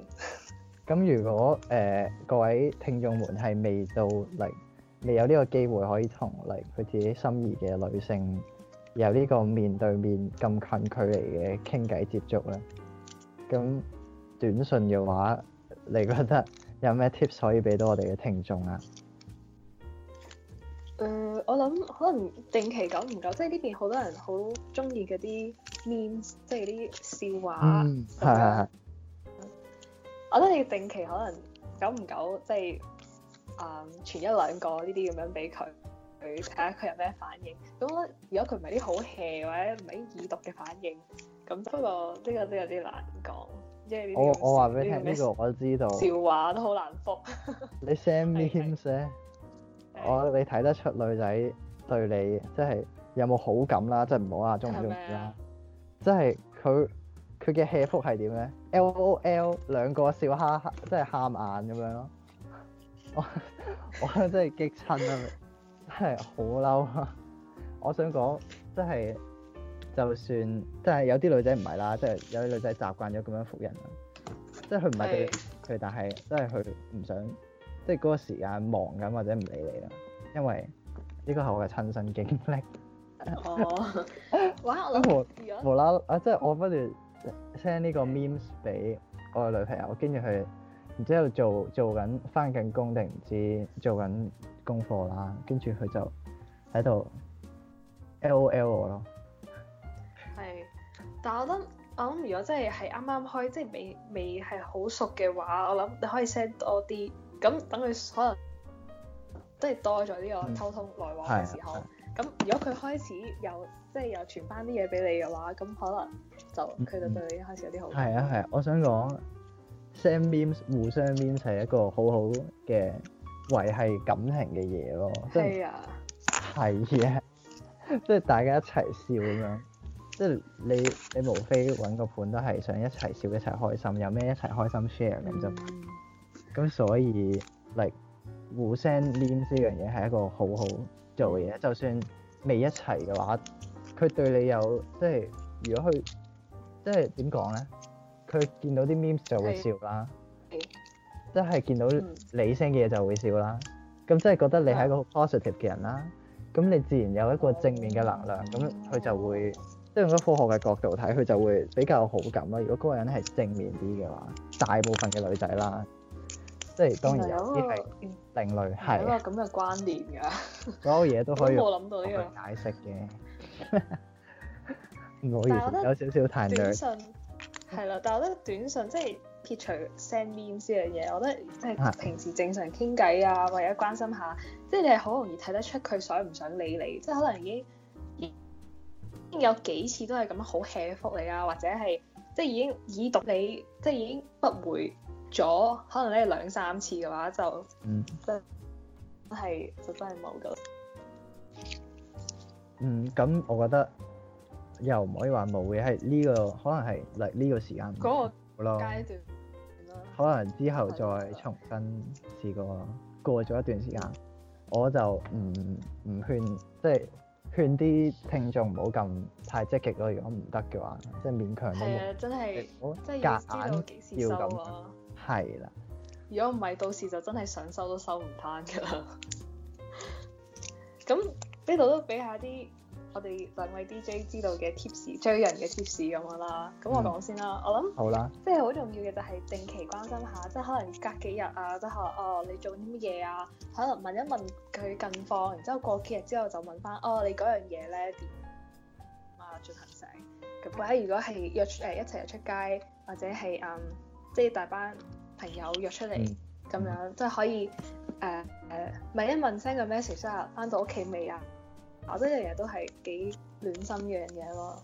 咁如果誒各位聽眾們係未到嚟。未有呢個機會可以同嚟佢自己心儀嘅女性有呢個面對面咁近距離嘅傾偈接觸咧。咁短訊嘅話，你覺得有咩 tips 可以俾到我哋嘅聽眾啊？誒、呃，我諗可能定期久唔久，即係呢邊好多人好中意嗰啲 meme，即係啲笑話咁樣。我覺得你定期可能久唔久，即係。誒傳一兩個呢啲咁樣俾佢，佢睇下佢有咩反應。咁如果佢唔係啲好 hea 或者唔係啲易讀嘅反應，咁不過呢個都有啲難講，即係我我話俾你聽，呢個我知道。笑話都好難覆 。你 send 啲 meme 笑，我你睇得出女仔對你即係有冇好感啦，即係唔好話中唔中意啦。即係佢佢嘅 hea 覆係點咧？L O L 兩個笑哈哈，即係喊眼咁樣咯。我 我真係激親啊！真係好嬲啊！ 我想講，真係就算真係有啲女仔唔係啦，即係有啲女仔習慣咗咁樣服人，啊。即係佢唔係佢佢，但係真係佢唔想，即係嗰個時間忙緊或者唔理你啦。因為呢個係我嘅親身經歷。我玩我諗無啦在啊！即係我不如 send 呢個 memes 俾我嘅女朋友，我跟住佢。然之後做做緊翻緊工定唔知做緊功課啦，跟住佢就喺度 LOL 我咯。係，但係我諗我諗，如果真係係啱啱開，即係未未係好熟嘅話，我諗你可以 send 多啲，咁等佢可能即係多咗呢個溝通來往嘅時候。咁、嗯啊啊、如果佢開始有即係又傳翻啲嘢俾你嘅話，咁可能就佢就對你開始有啲好感、嗯。係、嗯、啊係啊，啊，我想講。send memes 互相 meme 就係一個好好嘅維係感情嘅嘢咯，即係係啊，即係大家一齊笑咁樣，即係你你無非揾個伴都係想一齊笑一齊開心，有咩一齊開心 share 咁就，咁所以嚟互相 meme 呢樣嘢係一個好好做嘅嘢，就算未一齊嘅話，佢對你有即係如果佢即係點講咧？佢見到啲 memes 就會笑啦，的即係見到你聲嘅嘢就會笑啦。咁、嗯、即係覺得你係一個 positive 嘅人啦。咁、嗯、你自然有一個正面嘅能量，咁佢、嗯、就會、嗯、即係用咗科學嘅角度睇，佢就會比較好感啦。如果嗰個人係正面啲嘅話，大部分嘅女仔啦，即係當然有啲係另類，係咁嘅觀念㗎，的有 所有嘢都可以去解釋嘅。 唔好意思我而家有少少談戀。係啦， 但係我覺得短信即係撇除 send in 呢樣嘢，我覺得即係平時正常傾偈啊，或者關心下，即係你係好容易睇得出佢想唔想理你，即係可能已經已經有幾次都係咁樣好 hea 復你啊，或者係即係已經已讀你，即係已經不回咗，可能咧兩三次嘅話就真係、嗯、就真係冇噶。嗯，咁我覺得。又唔可以話冇嘅，係呢個可能係嚟呢個時間嗰個階段，多可能之後再重新試過。過咗一段時間，的我就唔唔勸，即係勸啲聽眾唔好咁太積極咯。如果唔得嘅話，即係勉強。係我真係即係夾硬要咁。係啦。如果唔係，到時就真係想收都收唔攤㗎。咁呢度都俾下啲，我哋兩位 DJ 知道嘅 tips，追人嘅 tips 咁樣啦。咁、嗯、我講先啦，我諗好啦，即係好重要嘅就係定期關心下，即係可能隔幾日啊，即係哦，你做啲乜嘢啊？可能問一問佢近況，然之後過幾日之後就問翻哦，你嗰樣嘢咧點啊進行成？咁或者如果係約誒、呃、一齊出街，或者係嗯即係、就是、大班朋友約出嚟咁、嗯、樣即係可以誒、呃、問一問聲個 message 啊，翻到屋企未啊？我覺得日日都係幾暖心一樣嘢咯。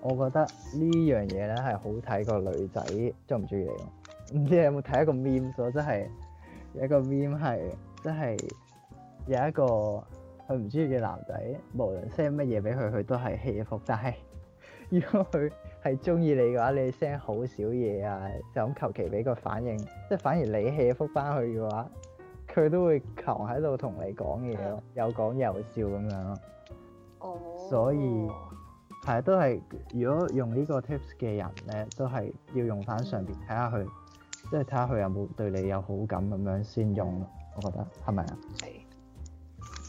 我覺得呢樣嘢咧係好睇個女仔中唔中意你咯。唔知你有冇睇一個 meme 咯？即係有一個 meme 係，即係有一個佢唔中意嘅男仔，無論 send 乜嘢俾佢，佢都係氣腹。但係如果佢係中意你嘅話，你 send 好少嘢啊，就咁求其俾個反應，即係反而你氣腹翻去嘅話。佢都會強喺度同你講嘢咯，有講有笑咁樣咯。哦，所以係啊，都係如果用呢個 tips 嘅人咧，都係要用翻上邊睇下佢，即係睇下佢有冇對你有好感咁樣先用咯。我覺得係咪啊？係，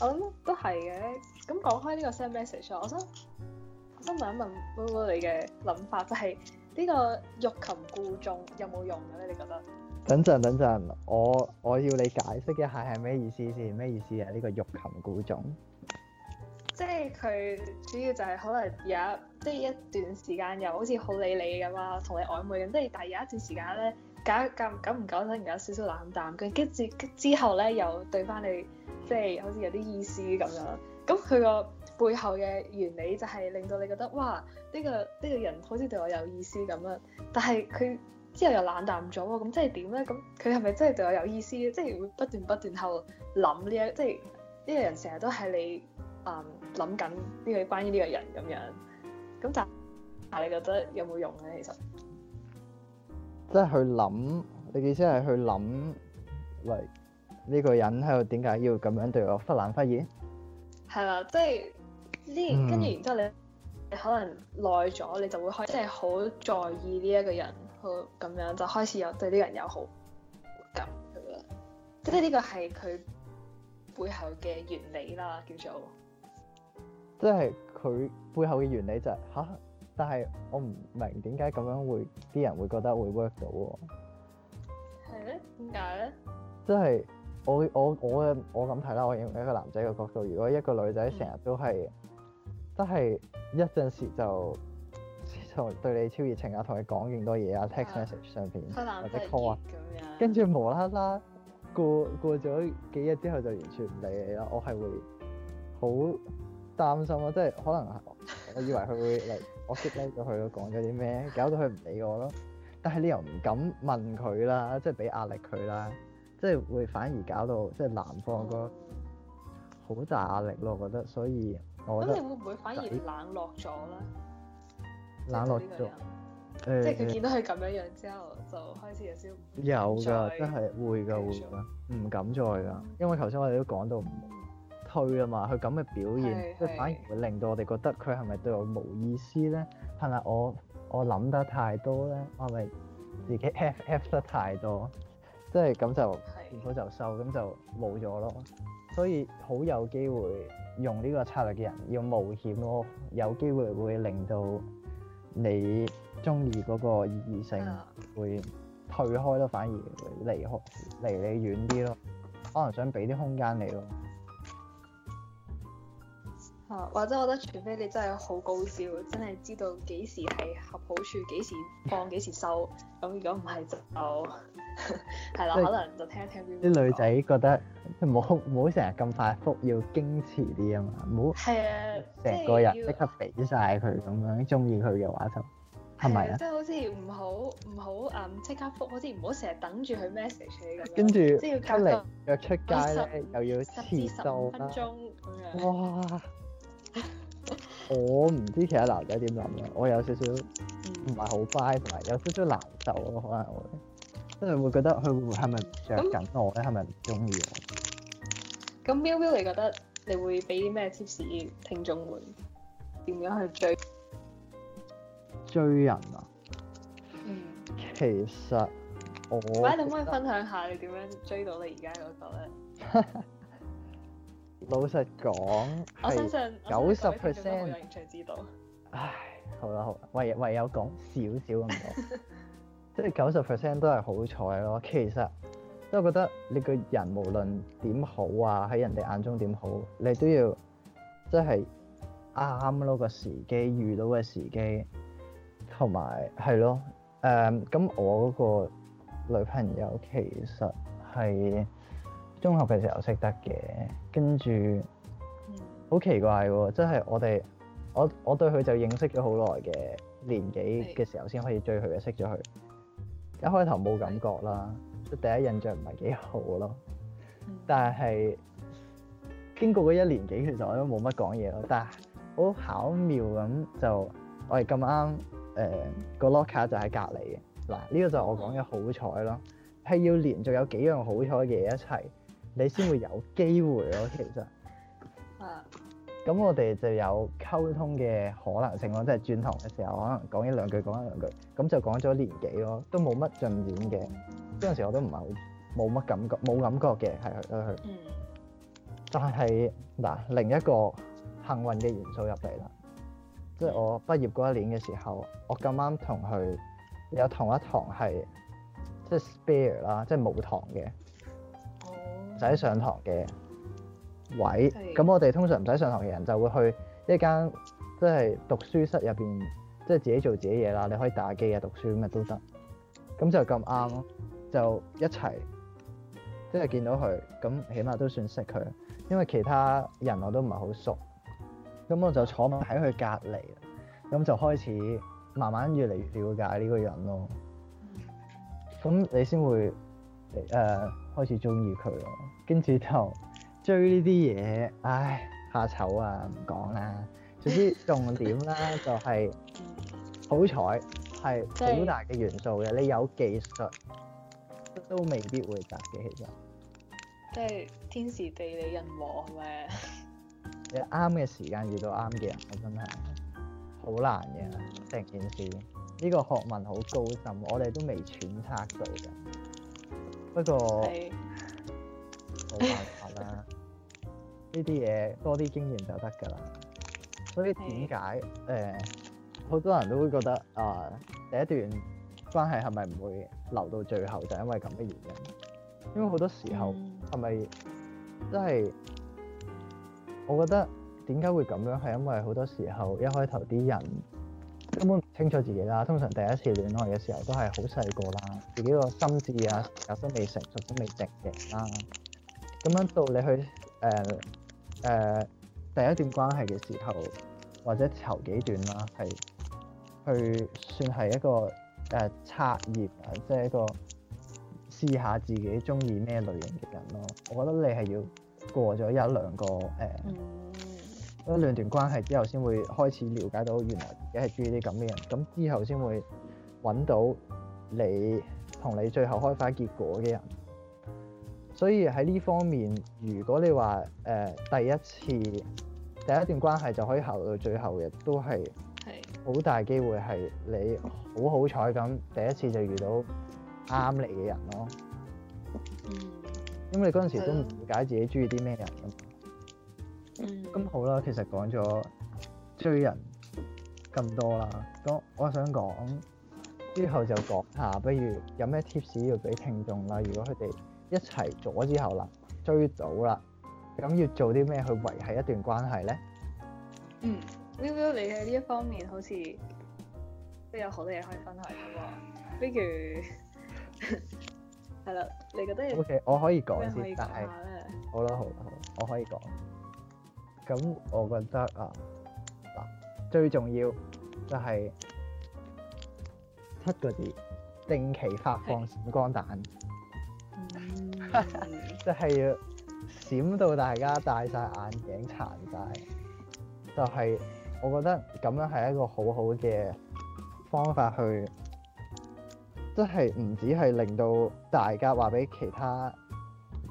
我諗都係嘅。咁講開呢個 send message，我想我想問一問 Wil Wil 你嘅諗法，就係呢個欲擒故縱有冇用嘅咧？你覺得？等陣，等陣，我我要你解釋一下係咩意思先？咩意思啊？呢個欲擒故縱，即係佢主要就係可能有即係一段時間又好似好理你咁啦，同你曖昧咁，即係但係有一段時間咧，搞隔久唔久咧，又有少少冷淡嘅，跟住之後咧又對翻你，即係好似有啲意思咁樣。咁佢個背後嘅原理就係令到你覺得哇，呢個呢個人好似對我有意思咁啊，但係佢。之後又冷淡咗喎，咁即係點咧？咁佢係咪真係對我有意思咧？即係會不斷不斷喺度諗呢一即係呢個人，成日都係你啊諗緊呢個關於呢個人咁樣咁，但係你覺得有冇用咧？其實即係去諗，你嘅意思係去諗，喂、呢個人喺度點解要咁樣對我忽冷忽熱？係啦，即係之跟住然之後，你、嗯、你，你可能耐咗，你就會開即係好在意呢一個人。咁樣就開始有對啲人有好感，即係呢個係佢背後嘅原理啦，叫做即係佢背後嘅原理就係、是、吓，但係我唔明點解咁樣會啲人會覺得會 work 到喎？係咧？點解咧？即係我我我嘅我咁睇啦，我用一個男仔嘅角度，如果一個女仔成日都係，即係、嗯、一陣時就。同對你超熱情啊，同你講咁多嘢啊 Yeah.，text message 上邊或者 call 啊，跟住、really、小小無啦啦過過咗幾日之後就完全唔理你啦，我係會好擔心咯，即、就、係、是、可能我以為佢會嚟， 我激嬲咗佢咯，講咗啲咩，搞到佢唔理我咯，但係你又唔敢問佢啦，即係俾壓力佢啦，即、就、係、是、會反而搞到即係、就是、男方個好大壓力咯，我覺得所以我覺得、mm. 你會唔會反而冷落咗咧？小嘴冷落咗，即係佢見到佢咁樣樣之後，就開始有少少。有㗎，真係會㗎，會㗎，唔敢再㗎。因為頭先我哋都講到唔好，退啊嘛。佢咁嘅表現，即係反而會令到我哋覺得佢係咪對我冇意思咧？係咪我我諗得太多咧？我係咪自己 f f 得太多？即係咁就見好就收，咁就冇咗咯。所以好有機會用呢個策略嘅人要冒險咯，有機會會令到。你中意嗰個異性會退開咯，反而會離開離你遠啲咯，可能想俾啲空間你咯。或者我覺得，除非你真係好搞笑，真係知道幾時係合好處，幾時放幾時收，咁如果唔係就係啦， 了是可能就聽一聽啲女仔覺得唔好成日咁快覆，要矜持啲啊嘛，唔好係啊，成個人即刻俾晒佢咁樣，中意佢嘅話就係咪啊？即、就、係、是、好似唔好唔好嗯即刻覆，好似唔好成日等住佢 message 你嘅，跟住出嚟約出街又要遲到啦，哇！ 我唔知其他男仔點諗啦，我有少少唔係好 buy 同埋有少少難受咯，可能會，即係會覺得佢會係咪着緊我咧？係咪唔中意我？咁喵喵，你覺得你會俾啲咩 tips 聽眾會？點樣去追追人啊？嗯， 其實我，喂，你可，可以分享下你點樣追到你而家嗰個咧？ 老實講，我九十 percent。唉，好啦好唯唯有講少少咁多，即係九十 percent 都係好彩咯。其實，都係覺得你個人無論點好啊，喺人哋眼中點好，你都要即係啱啱咯個時機，遇到嘅時機，同埋係咯，誒，咁、呃、我嗰個女朋友其實係。中學嘅時候識得嘅，跟住、嗯、好奇怪喎，真係我哋我我對佢就認識咗好耐嘅年紀嘅時候先可以追佢嘅識咗佢，一開頭冇感覺啦，即第一印象唔係幾好咯，但係經過嗰一年幾，其實我都冇乜講嘢咯，但係好巧妙咁就我哋咁啱誒個、呃、locker 就喺隔離嘅，嗱呢、個就係我講嘅好彩咯，係要連續有幾樣好彩嘅嘢一齊。你先會有機會咯，其實。咁我哋就有溝通嘅可能性咯，即係轉堂嘅時候，可能講一兩句，講一兩句，咁就講咗年幾咯，都冇乜進展嘅。嗰陣時我都唔係冇乜感覺，冇感覺嘅，係去，去，去。嗯。但係嗱，另一個幸運嘅元素入嚟啦，即係我畢業嗰一年嘅時候，我咁啱同佢有同一堂係，即係 spare 啦，即係冇堂嘅。唔使上堂嘅位，咁是我哋通常唔使上堂嘅人就會去一間，即係讀書室入邊，即係自己做自己嘢啦。你可以打機啊、讀書咩都得，咁就咁啱咯，就一齊，即係見到佢，咁起碼都算識佢，因為其他人我都唔係好熟，咁我就坐喺佢隔離，咁就開始慢慢越嚟越了解呢個人咯，咁 Okay. 你先會誒。呃開始中意佢咯，跟住就追呢啲嘢，唉，怕醜啊，唔講啦。總之重點啦，就是，就係好彩係好大嘅元素嘅，就是，你有技術都未必會得嘅，其實。即係天時地利人和，係咪？ 你啱嘅時間遇到啱嘅人，我真係好難嘅，成件事呢，呢個學問好高深，我哋都未揣測到嘅。不過冇辦法啦，呢啲嘢多啲經驗就得噶啦。所以點解誒好多人都會覺得啊第一段關係係咪唔會留到最後，就係因為咁嘅原因？因為好多時候係咪真係？我覺得點解會咁樣，係因為好多時候一開頭啲人。根本唔清楚自己啦。通常第一次戀愛嘅時候都係好細個啦，自己個心智啊、性格都未成熟、熟都未定嘅啦。咁樣到你去誒誒、呃呃、第一段關係嘅時候，或者頭幾段啦，係去算係一個誒測驗啊，即、就、係、是、一個試一下自己中意咩類型嘅人咯。我覺得你係要過咗一兩個誒。呃嗯一兩段關係之後，先會開始了解到原來自己係鍾意啲咁嘅人，咁之後先會揾到你同你最後開發結果嘅人。所以喺呢方面，如果你話誒、呃、第一次第一段關係就可以考慮到最後嘅，都係好大機會係你好好彩咁第一次就遇到啱你嘅人咯。因為你嗰陣時都唔了解自己鍾意啲咩人。咁好啦，其實講咗追人咁多啦，咁我想講之後就講下，不如有咩 tips 要俾聽眾啦？如果佢哋一齊咗之後啦，追到啦，咁要做啲咩去維繫一段關係咧？嗯 Wil 你喺呢一方面好似都有好多嘢可以分享嘅喎，不如係啦， 你覺得？O.K. 我可以講先，但係好啦，好啦，好，好我可以講。咁我覺得啊，嗱，最重要就係七個字，定期發放閃光彈，即係的 要閃到大家戴晒眼鏡殘晒。就係、是、我覺得咁樣係一個好好嘅方法去，即係唔止係令到大家話俾其他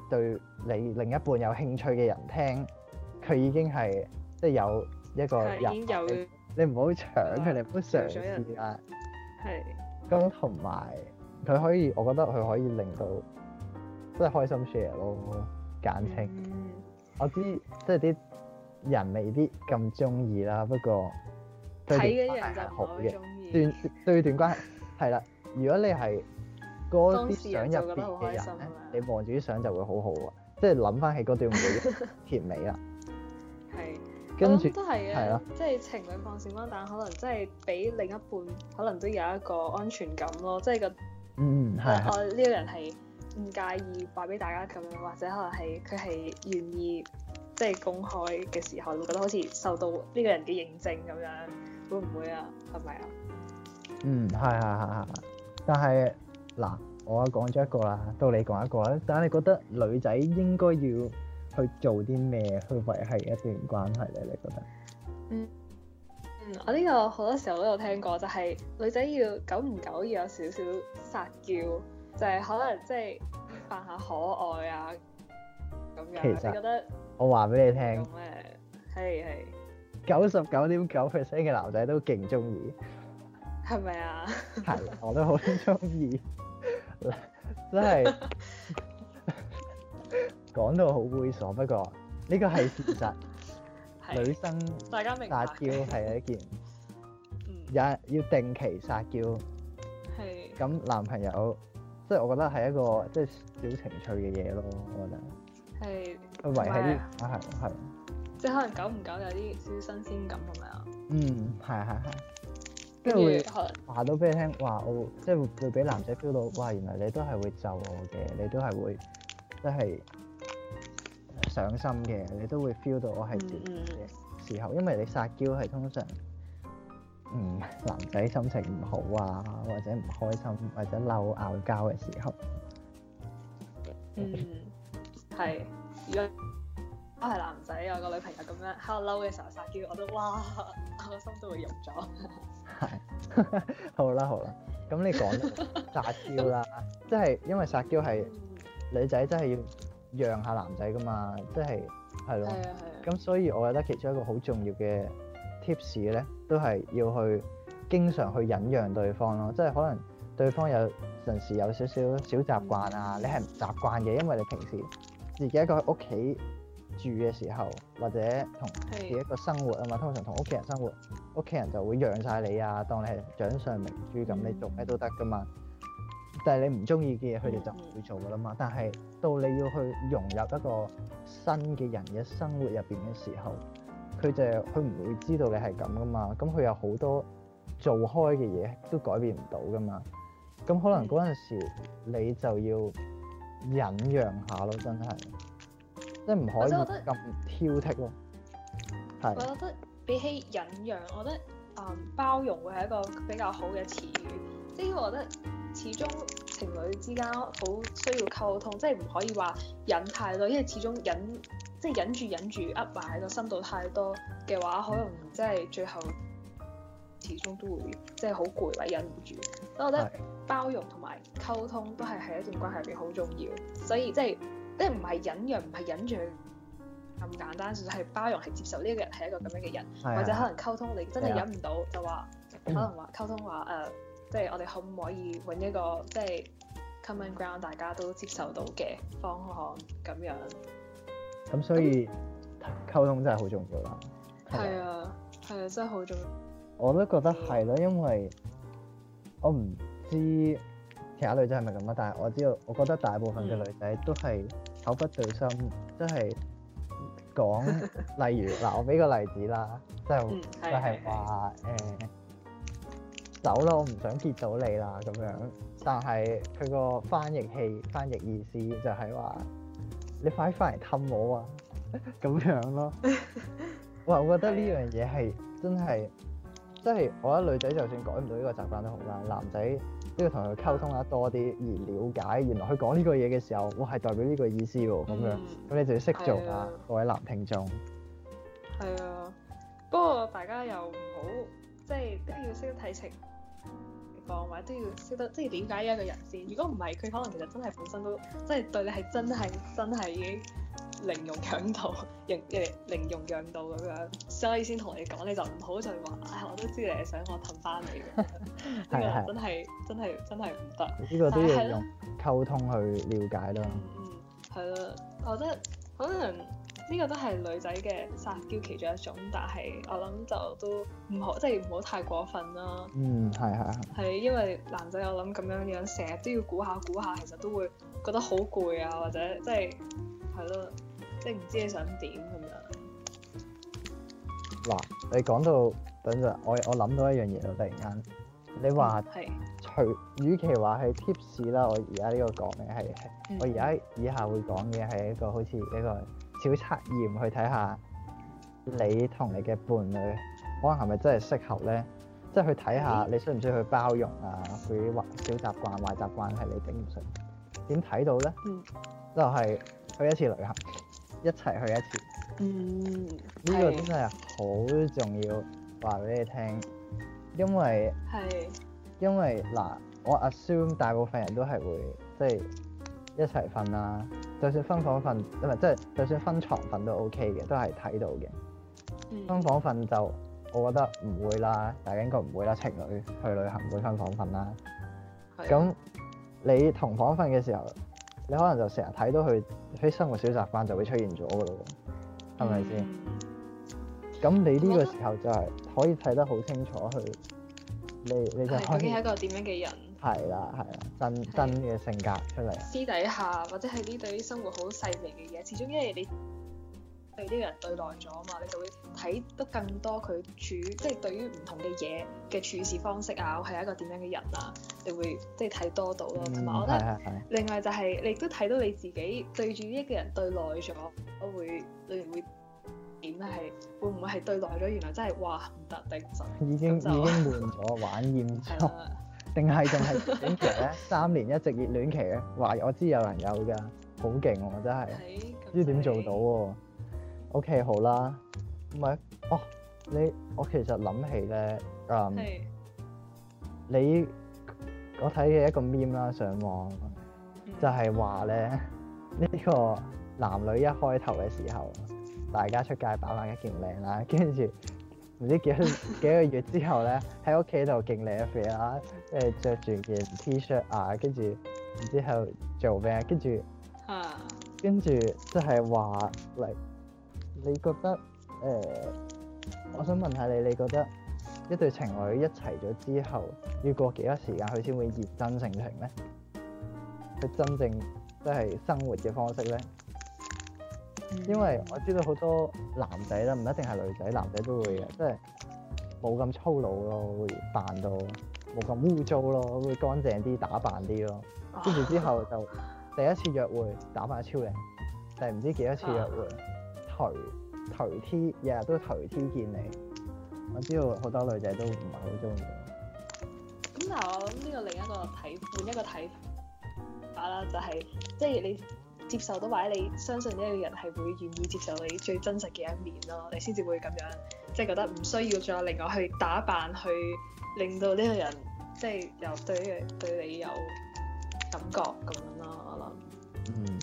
對你另一半有興趣嘅人聽。佢已經係即係有一個人，有你唔好搶佢、啊、你唔好嘗試。係咁，同埋佢可以，我覺得佢可以令到即係開心 share 咯，簡稱。嗯、我知即係啲人未必咁中意啦，不過睇嘅人就中意 段對段關係係啦。如果你係嗰啲相入邊嘅人，人啊、你望住啲相就會好好啊，即係諗翻起嗰段每 甜美啦。係，我諗都係嘅，即係情侶放閃光彈，但可能即係俾另一半可能都有一個安全感咯，即係個，嗯，我我呢個人係唔介意話俾大家咁樣，或者可能係佢係願意即係公開嘅時候，會覺得好似受到呢個人嘅認證咁樣，會唔會啊？係咪啊？嗯，係係係係，但係嗱，我講咗一個啦，到你講一個啦，但係你覺得女仔應該要。去做啲咩去維係一段關係咧？你覺得？嗯嗯，我呢個好多時候都有聽過，就係、是、女仔要久唔久要有少少撒嬌，就係、是、可能即、就、係、是、扮下可愛啊咁樣。其實覺得我話俾你聽，係係九十九點九 percent 嘅男仔都勁中意，係咪啊？係， 我都好中意， 真係的。 講到好猥瑣，不過呢個係事實。 是女生大家明撒嬌係一件，有 要定期撒嬌。係是。咁男朋友，即、就、係、是、我覺得係一個即係、就是、小情趣嘅嘢咯，我覺得。係是。維係啲係係。啊啊、即係可能久唔久有啲少少新鮮感係咪啊？是是嗯，係係係。跟住會話到俾你聽，話我即係會俾男仔 feel 到，哇！原來你都係會就我嘅，你都係會即係。就是上心嘅，你都會 feel 到我係時候，因為你撒嬌係通常，嗯，男仔心情唔好啊，或者唔開心，或者嬲、鬧交拗交嘅時候，嗯，係。如果我係男仔有個女朋友咁樣喺我嬲嘅時候撒嬌，我都哇，我個心都會融咗。係，好啦好啦，咁你講撒嬌啦，即係因為撒嬌係女仔真係要。讓下男仔噶嘛，即係係咯，係啊係啊。咁所以我覺得其中一個好重要嘅 tips 咧，都係要去經常去忍讓對方咯，即係可能對方有陣時有少少小習慣啊，你係唔習慣嘅，因為你平時自己一個喺屋企住嘅時候，或者同自己一個生活啊嘛，通常同屋企人生活，屋企人就會讓晒你啊，當你係掌上明珠咁，你做咩都得噶嘛。嗯但係你唔中意嘅嘢，佢哋就唔會做噶啦嘛。但係到你要去融入一個新嘅人嘅生活入邊嘅時候，佢就佢唔會知道你係咁噶嘛。咁佢有好多做開嘅嘢都改變唔到噶嘛。咁可能嗰陣時、嗯、你就要忍讓下咯，真係即係唔可以咁挑剔咯。係。其實我覺得比起忍讓，我覺得啊、嗯、包容會係一個比較好嘅詞語。即係我覺得。始終情侶之間好需要溝通，即係唔可以話忍太多，因為始終忍即係忍住忍住噏埋喺個心度太多嘅話，可能即係最後始終都會即係好攰，或者忍唔住。所以我覺得包容同埋溝通都係喺一段關係入邊好重要。所以即係即係唔係忍讓唔係忍住咁簡單，就係包容係接受呢一個人係一個咁樣嘅人，是啊、或者可能溝通你真係忍唔到是、啊、就話可能話溝通話誒。呃即係我哋可唔可以揾一個即係 common ground，大家都接受到嘅方案咁樣。咁所以溝通真係好重要啦。係啊，係啊，真係好重要。我都覺得係咯，因為我唔知其他女仔係咪咁啊，但係我知道，我覺得大部分嘅女仔都係口不對心，即係講，例如嗱，我俾個例子啦，即係即係話誒。走咯，我唔想見到你啦咁樣。但係佢個翻譯器翻譯意思就係話：你快啲翻嚟氹我啊咁樣咯。 哇，我覺得呢樣嘢係真係，即係的我覺得女仔就算改唔到呢個習慣都好啦。男仔都要同佢溝通得多啲，而了解原來佢講呢個嘢嘅時候，我係代表呢個意思喎。咁樣咁、嗯、你就要識做啊。的各位男聽眾。係啊，不過大家又唔好即係一定要識得睇情。或者都要識得，即係了解一個人先。如果唔係，佢可能其實真係本身都即係對你係真係真係已經零容忍度，零零零容忍度咁樣，所以先同你講，你就唔好再話，唉，我都知你係想我氹翻你嘅，呢 個真係真係真係唔得。呢個都要用溝通去了解咯。嗯 是嗯，係咯，我覺得可能。呢個都係女仔嘅撒嬌其中一種，但係我諗就都唔好，即係唔好太過分啦。嗯，係係啊，係因為男仔，我諗咁樣樣，成日都要估下估下，其實都會覺得好攰啊，或者即係係咯，即係唔知你想點咁樣。嗱，你講到等陣，我我諗到一樣嘢啊！突然間，你話係，的除與其話係 tips 啦，的我而家呢個講嘅係，我而家以下會講嘅係一個好似呢個小測驗去睇下你同你嘅伴侶可能係咪真係適合咧？即係去睇下你需唔需要去包容啊，佢壞小習慣、壞習慣係你頂唔順，點睇到咧？嗯，就係去一次旅行，一齊去一次。嗯，呢個真係好重要，話俾你聽，因為係因為嗱，我 assume 大部分人都係會即係。一齊瞓啦，就算分房瞓，唔係即係就算分床瞓都 OK 嘅，都係睇到嘅。嗯、分房瞓就我覺得唔會啦，大家應該唔會啦。情侶去旅行唔會分房瞓啦。咁的你同房瞓嘅時候，你可能就成日睇到佢啲生活小習慣就會出現咗嘅咯，係咪先？咁你呢個時候就係可以睇得好清楚佢、嗯，你你就究竟係一個點樣嘅人？嗯係啦，係啦，真真嘅的性格出嚟。私底下或者係啲對於生活好細微嘅嘢，始終因為你對呢個人對耐咗啊嘛，你就會睇得更多佢處，即係對於唔同嘅嘢嘅處事方式啊，我係一個點樣嘅人啊，你會即係睇多到咯。同埋我覺得另外就係你都睇到你自己對住呢個人對耐咗，我會你會會點係會，唔會係對耐咗原來真係哇唔得的已經就已經悶咗 玩厭咗。定係定係熱戀期咧？ 三年一直熱戀期咧？話我知有人有㗎，好勁喎，真係，唔知點做到喎。OK，好啦，唔係哦，你我其實諗起咧，誒、嗯，是你我睇嘅一個 meme 啦，上網 Okay. 就係話咧，呢、呢個男女一開頭嘅時候，大家出街擺埋一件靚啦，跟住。唔知幾多幾多月之後咧，喺屋企度勁曬肥啦，誒、呃、着住件 T-shirt 啊，跟住然之後做咩？跟住，跟住即係話嚟，你覺得誒、呃，我想問下你，你覺得一對情侶一齊咗之後，要過幾多時間佢先會熱真性情咧？佢真正即係生活嘅方式咧？因為我知道好多男仔啦，唔一定係女仔，男仔都會嘅，即係冇咁粗魯咯，會扮到冇咁污糟咯，會乾淨啲，打扮啲咯。跟住之後就第一次約會打扮超靚，但係唔知幾多次約會，頹頹天日日都頹天見你，我知道好多女仔都唔係好中意。咁但我諗呢個另一個睇，換一個睇法啦，就係即係你。接受到或者你相信呢個人係會願意接受你最真實嘅一面咯，你先至會咁樣，即係覺得唔需要再另外去打扮，去令到呢個人即係又對對你有感覺咁樣咯。我諗嗯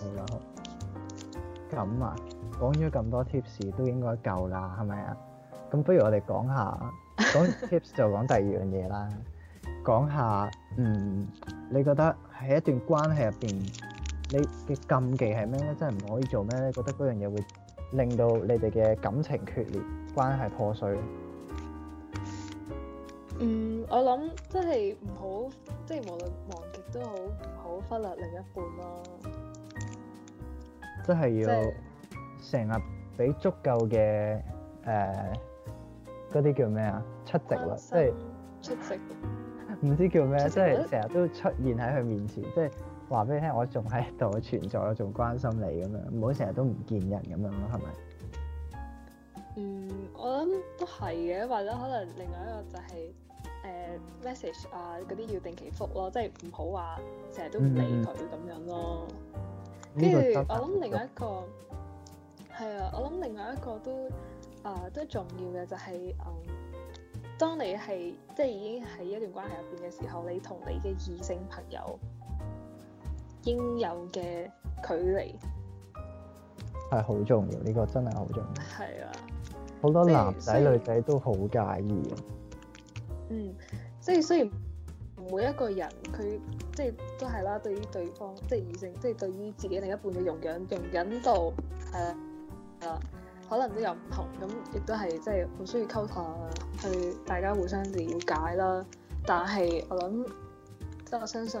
好，好啊，咁啊，講咗咁多 tips 都應該夠啦，係咪啊？咁不如我哋講下講 tips 就講第二樣嘢啦，講下嗯你覺得喺一段關係入邊。你嘅禁忌係咩咧？真係唔可以做咩咧？你覺得嗰樣嘢會令到你哋嘅感情決裂、關係破碎。嗯，我諗即係唔好，即係無論忘極都好，唔好忽略另一半咯。即係要成日俾足夠嘅誒，嗰啲叫咩啊？出席啦，即係出席。唔 知叫咩？即係成日都出現喺佢面前，即係。話俾你聽，我仲喺度存在，我仲關心你咁樣，唔好成日都唔見人咁樣咯，係咪？嗯，我諗都係嘅，或者可能另外一個就係、是、誒、呃、message 啊嗰啲要定期復咯，即係唔好話成日都唔理佢咁、嗯嗯、樣咯。跟住、嗯、後我諗另外一個係啊、嗯，我諗另外一個都啊都重要嘅就係、是、誒、嗯，當你係即係已經喺一段關係入邊嘅時候，你同你嘅異性朋友。應有嘅距離係好重要，呢個真係好重要。係啊的，好多男仔是女仔都好介意。嗯，即係雖然每一個人佢即係都係啦，對於對方即係異性，即係對於自己另一半嘅容忍容忍度係啦，可能都有唔同。咁亦都係即係好需要溝通，去大家互相了解啦。但係我諗，即係我相信。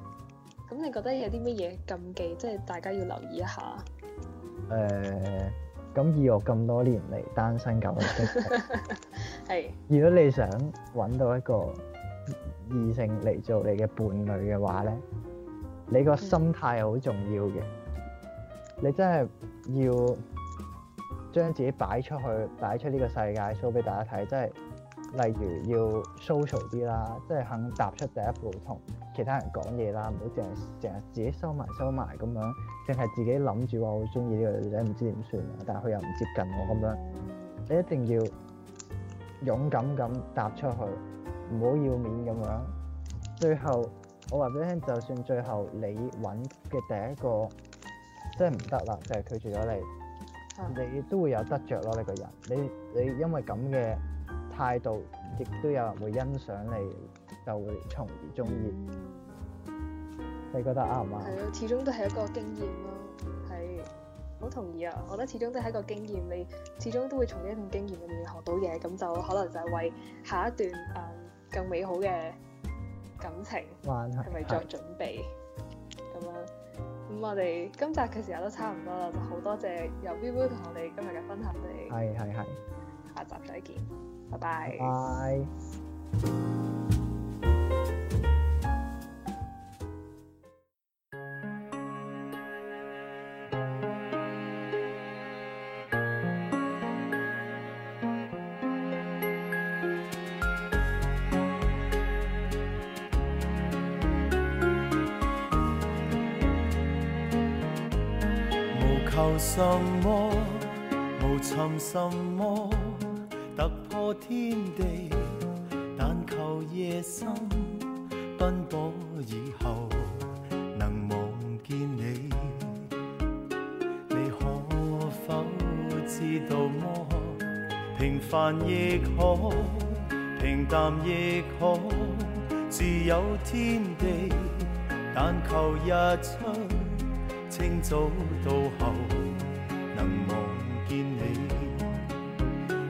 咁你覺得有啲乜嘢禁忌，即係大家要留意一下？誒、呃，咁以我咁多年嚟單身狗嘅，係 是。如果你想揾到一個異性嚟做你嘅伴侶嘅話咧，你個心態好重要嘅。嗯、你真係要將自己擺出去，擺出呢個世界 show 俾大家睇，真係。例如要 social 啲啦，即係肯踏出第一步，同其他人講嘢啦，唔好淨係淨係自己收埋收埋咁樣，淨係自己諗住我好中意呢個女仔，唔知點算，但係佢又唔接近我咁樣。你一定要勇敢咁踏出去，唔好要面咁樣。最後我話俾你聽，就算最後你揾嘅第一個即係唔得啦，就係拒絕咗你，你都會有得著咯。你個人，你你因為咁嘅。態度亦都有人會欣賞你，就會從而中意。你覺得啱唔啱？係啊，始終都係一個經驗咯。係，好同意啊！我覺得始終都係一個經驗，你始終都會從呢一段經驗裏面學到嘢，咁就可能就係為下一段誒、呃、更美好嘅感情係咪作準備咁樣？咁是我哋今集嘅時間都差唔多啦，就好多謝由 Wil Wil 同我哋今日嘅分享你，我哋係係係下集再見。拜拜。無求什麼，無尋什麼。天地，但求夜深奔波以後能望見你。你可否知道麼？平凡亦可，平淡亦可，自有天地，但求日出清早到後能望見你。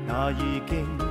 那已經。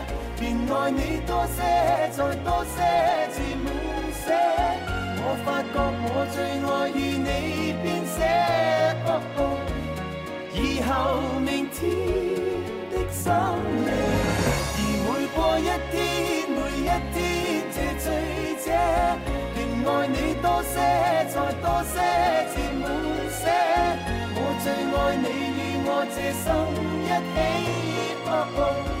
仍愛你多些，再多些至滿瀉，我發覺我最愛與你編寫。以後明天的心靈，而每過一天每一天至醉者仍愛你多些，再多些至滿瀉，我最愛你與我這心一起拍和。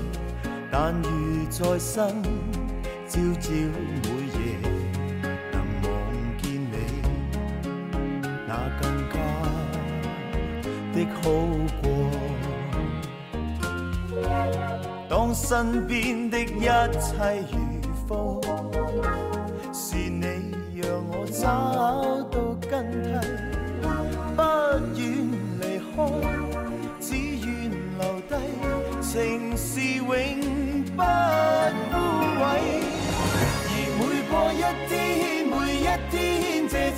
但願在生，朝朝每夜能望見你，那更加的好過。當身邊的一切如風，是你讓我找。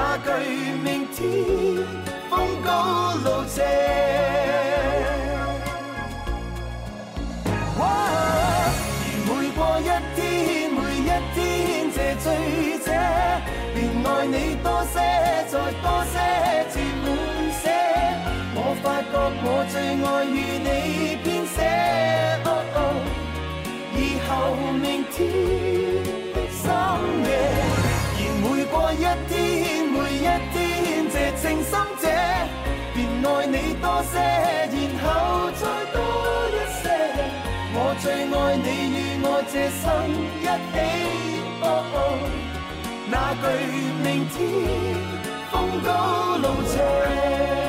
那句明天風高路斜，而每過一天每一天這醉者，便愛你多些再多些至滿瀉。我發覺我最愛與你編寫、哦哦，以後明天的深夜，而每過一天。一天，這情深者便愛你多些，然後再多一些。我最愛你與我這心一起。哦，那句明天風高路斜。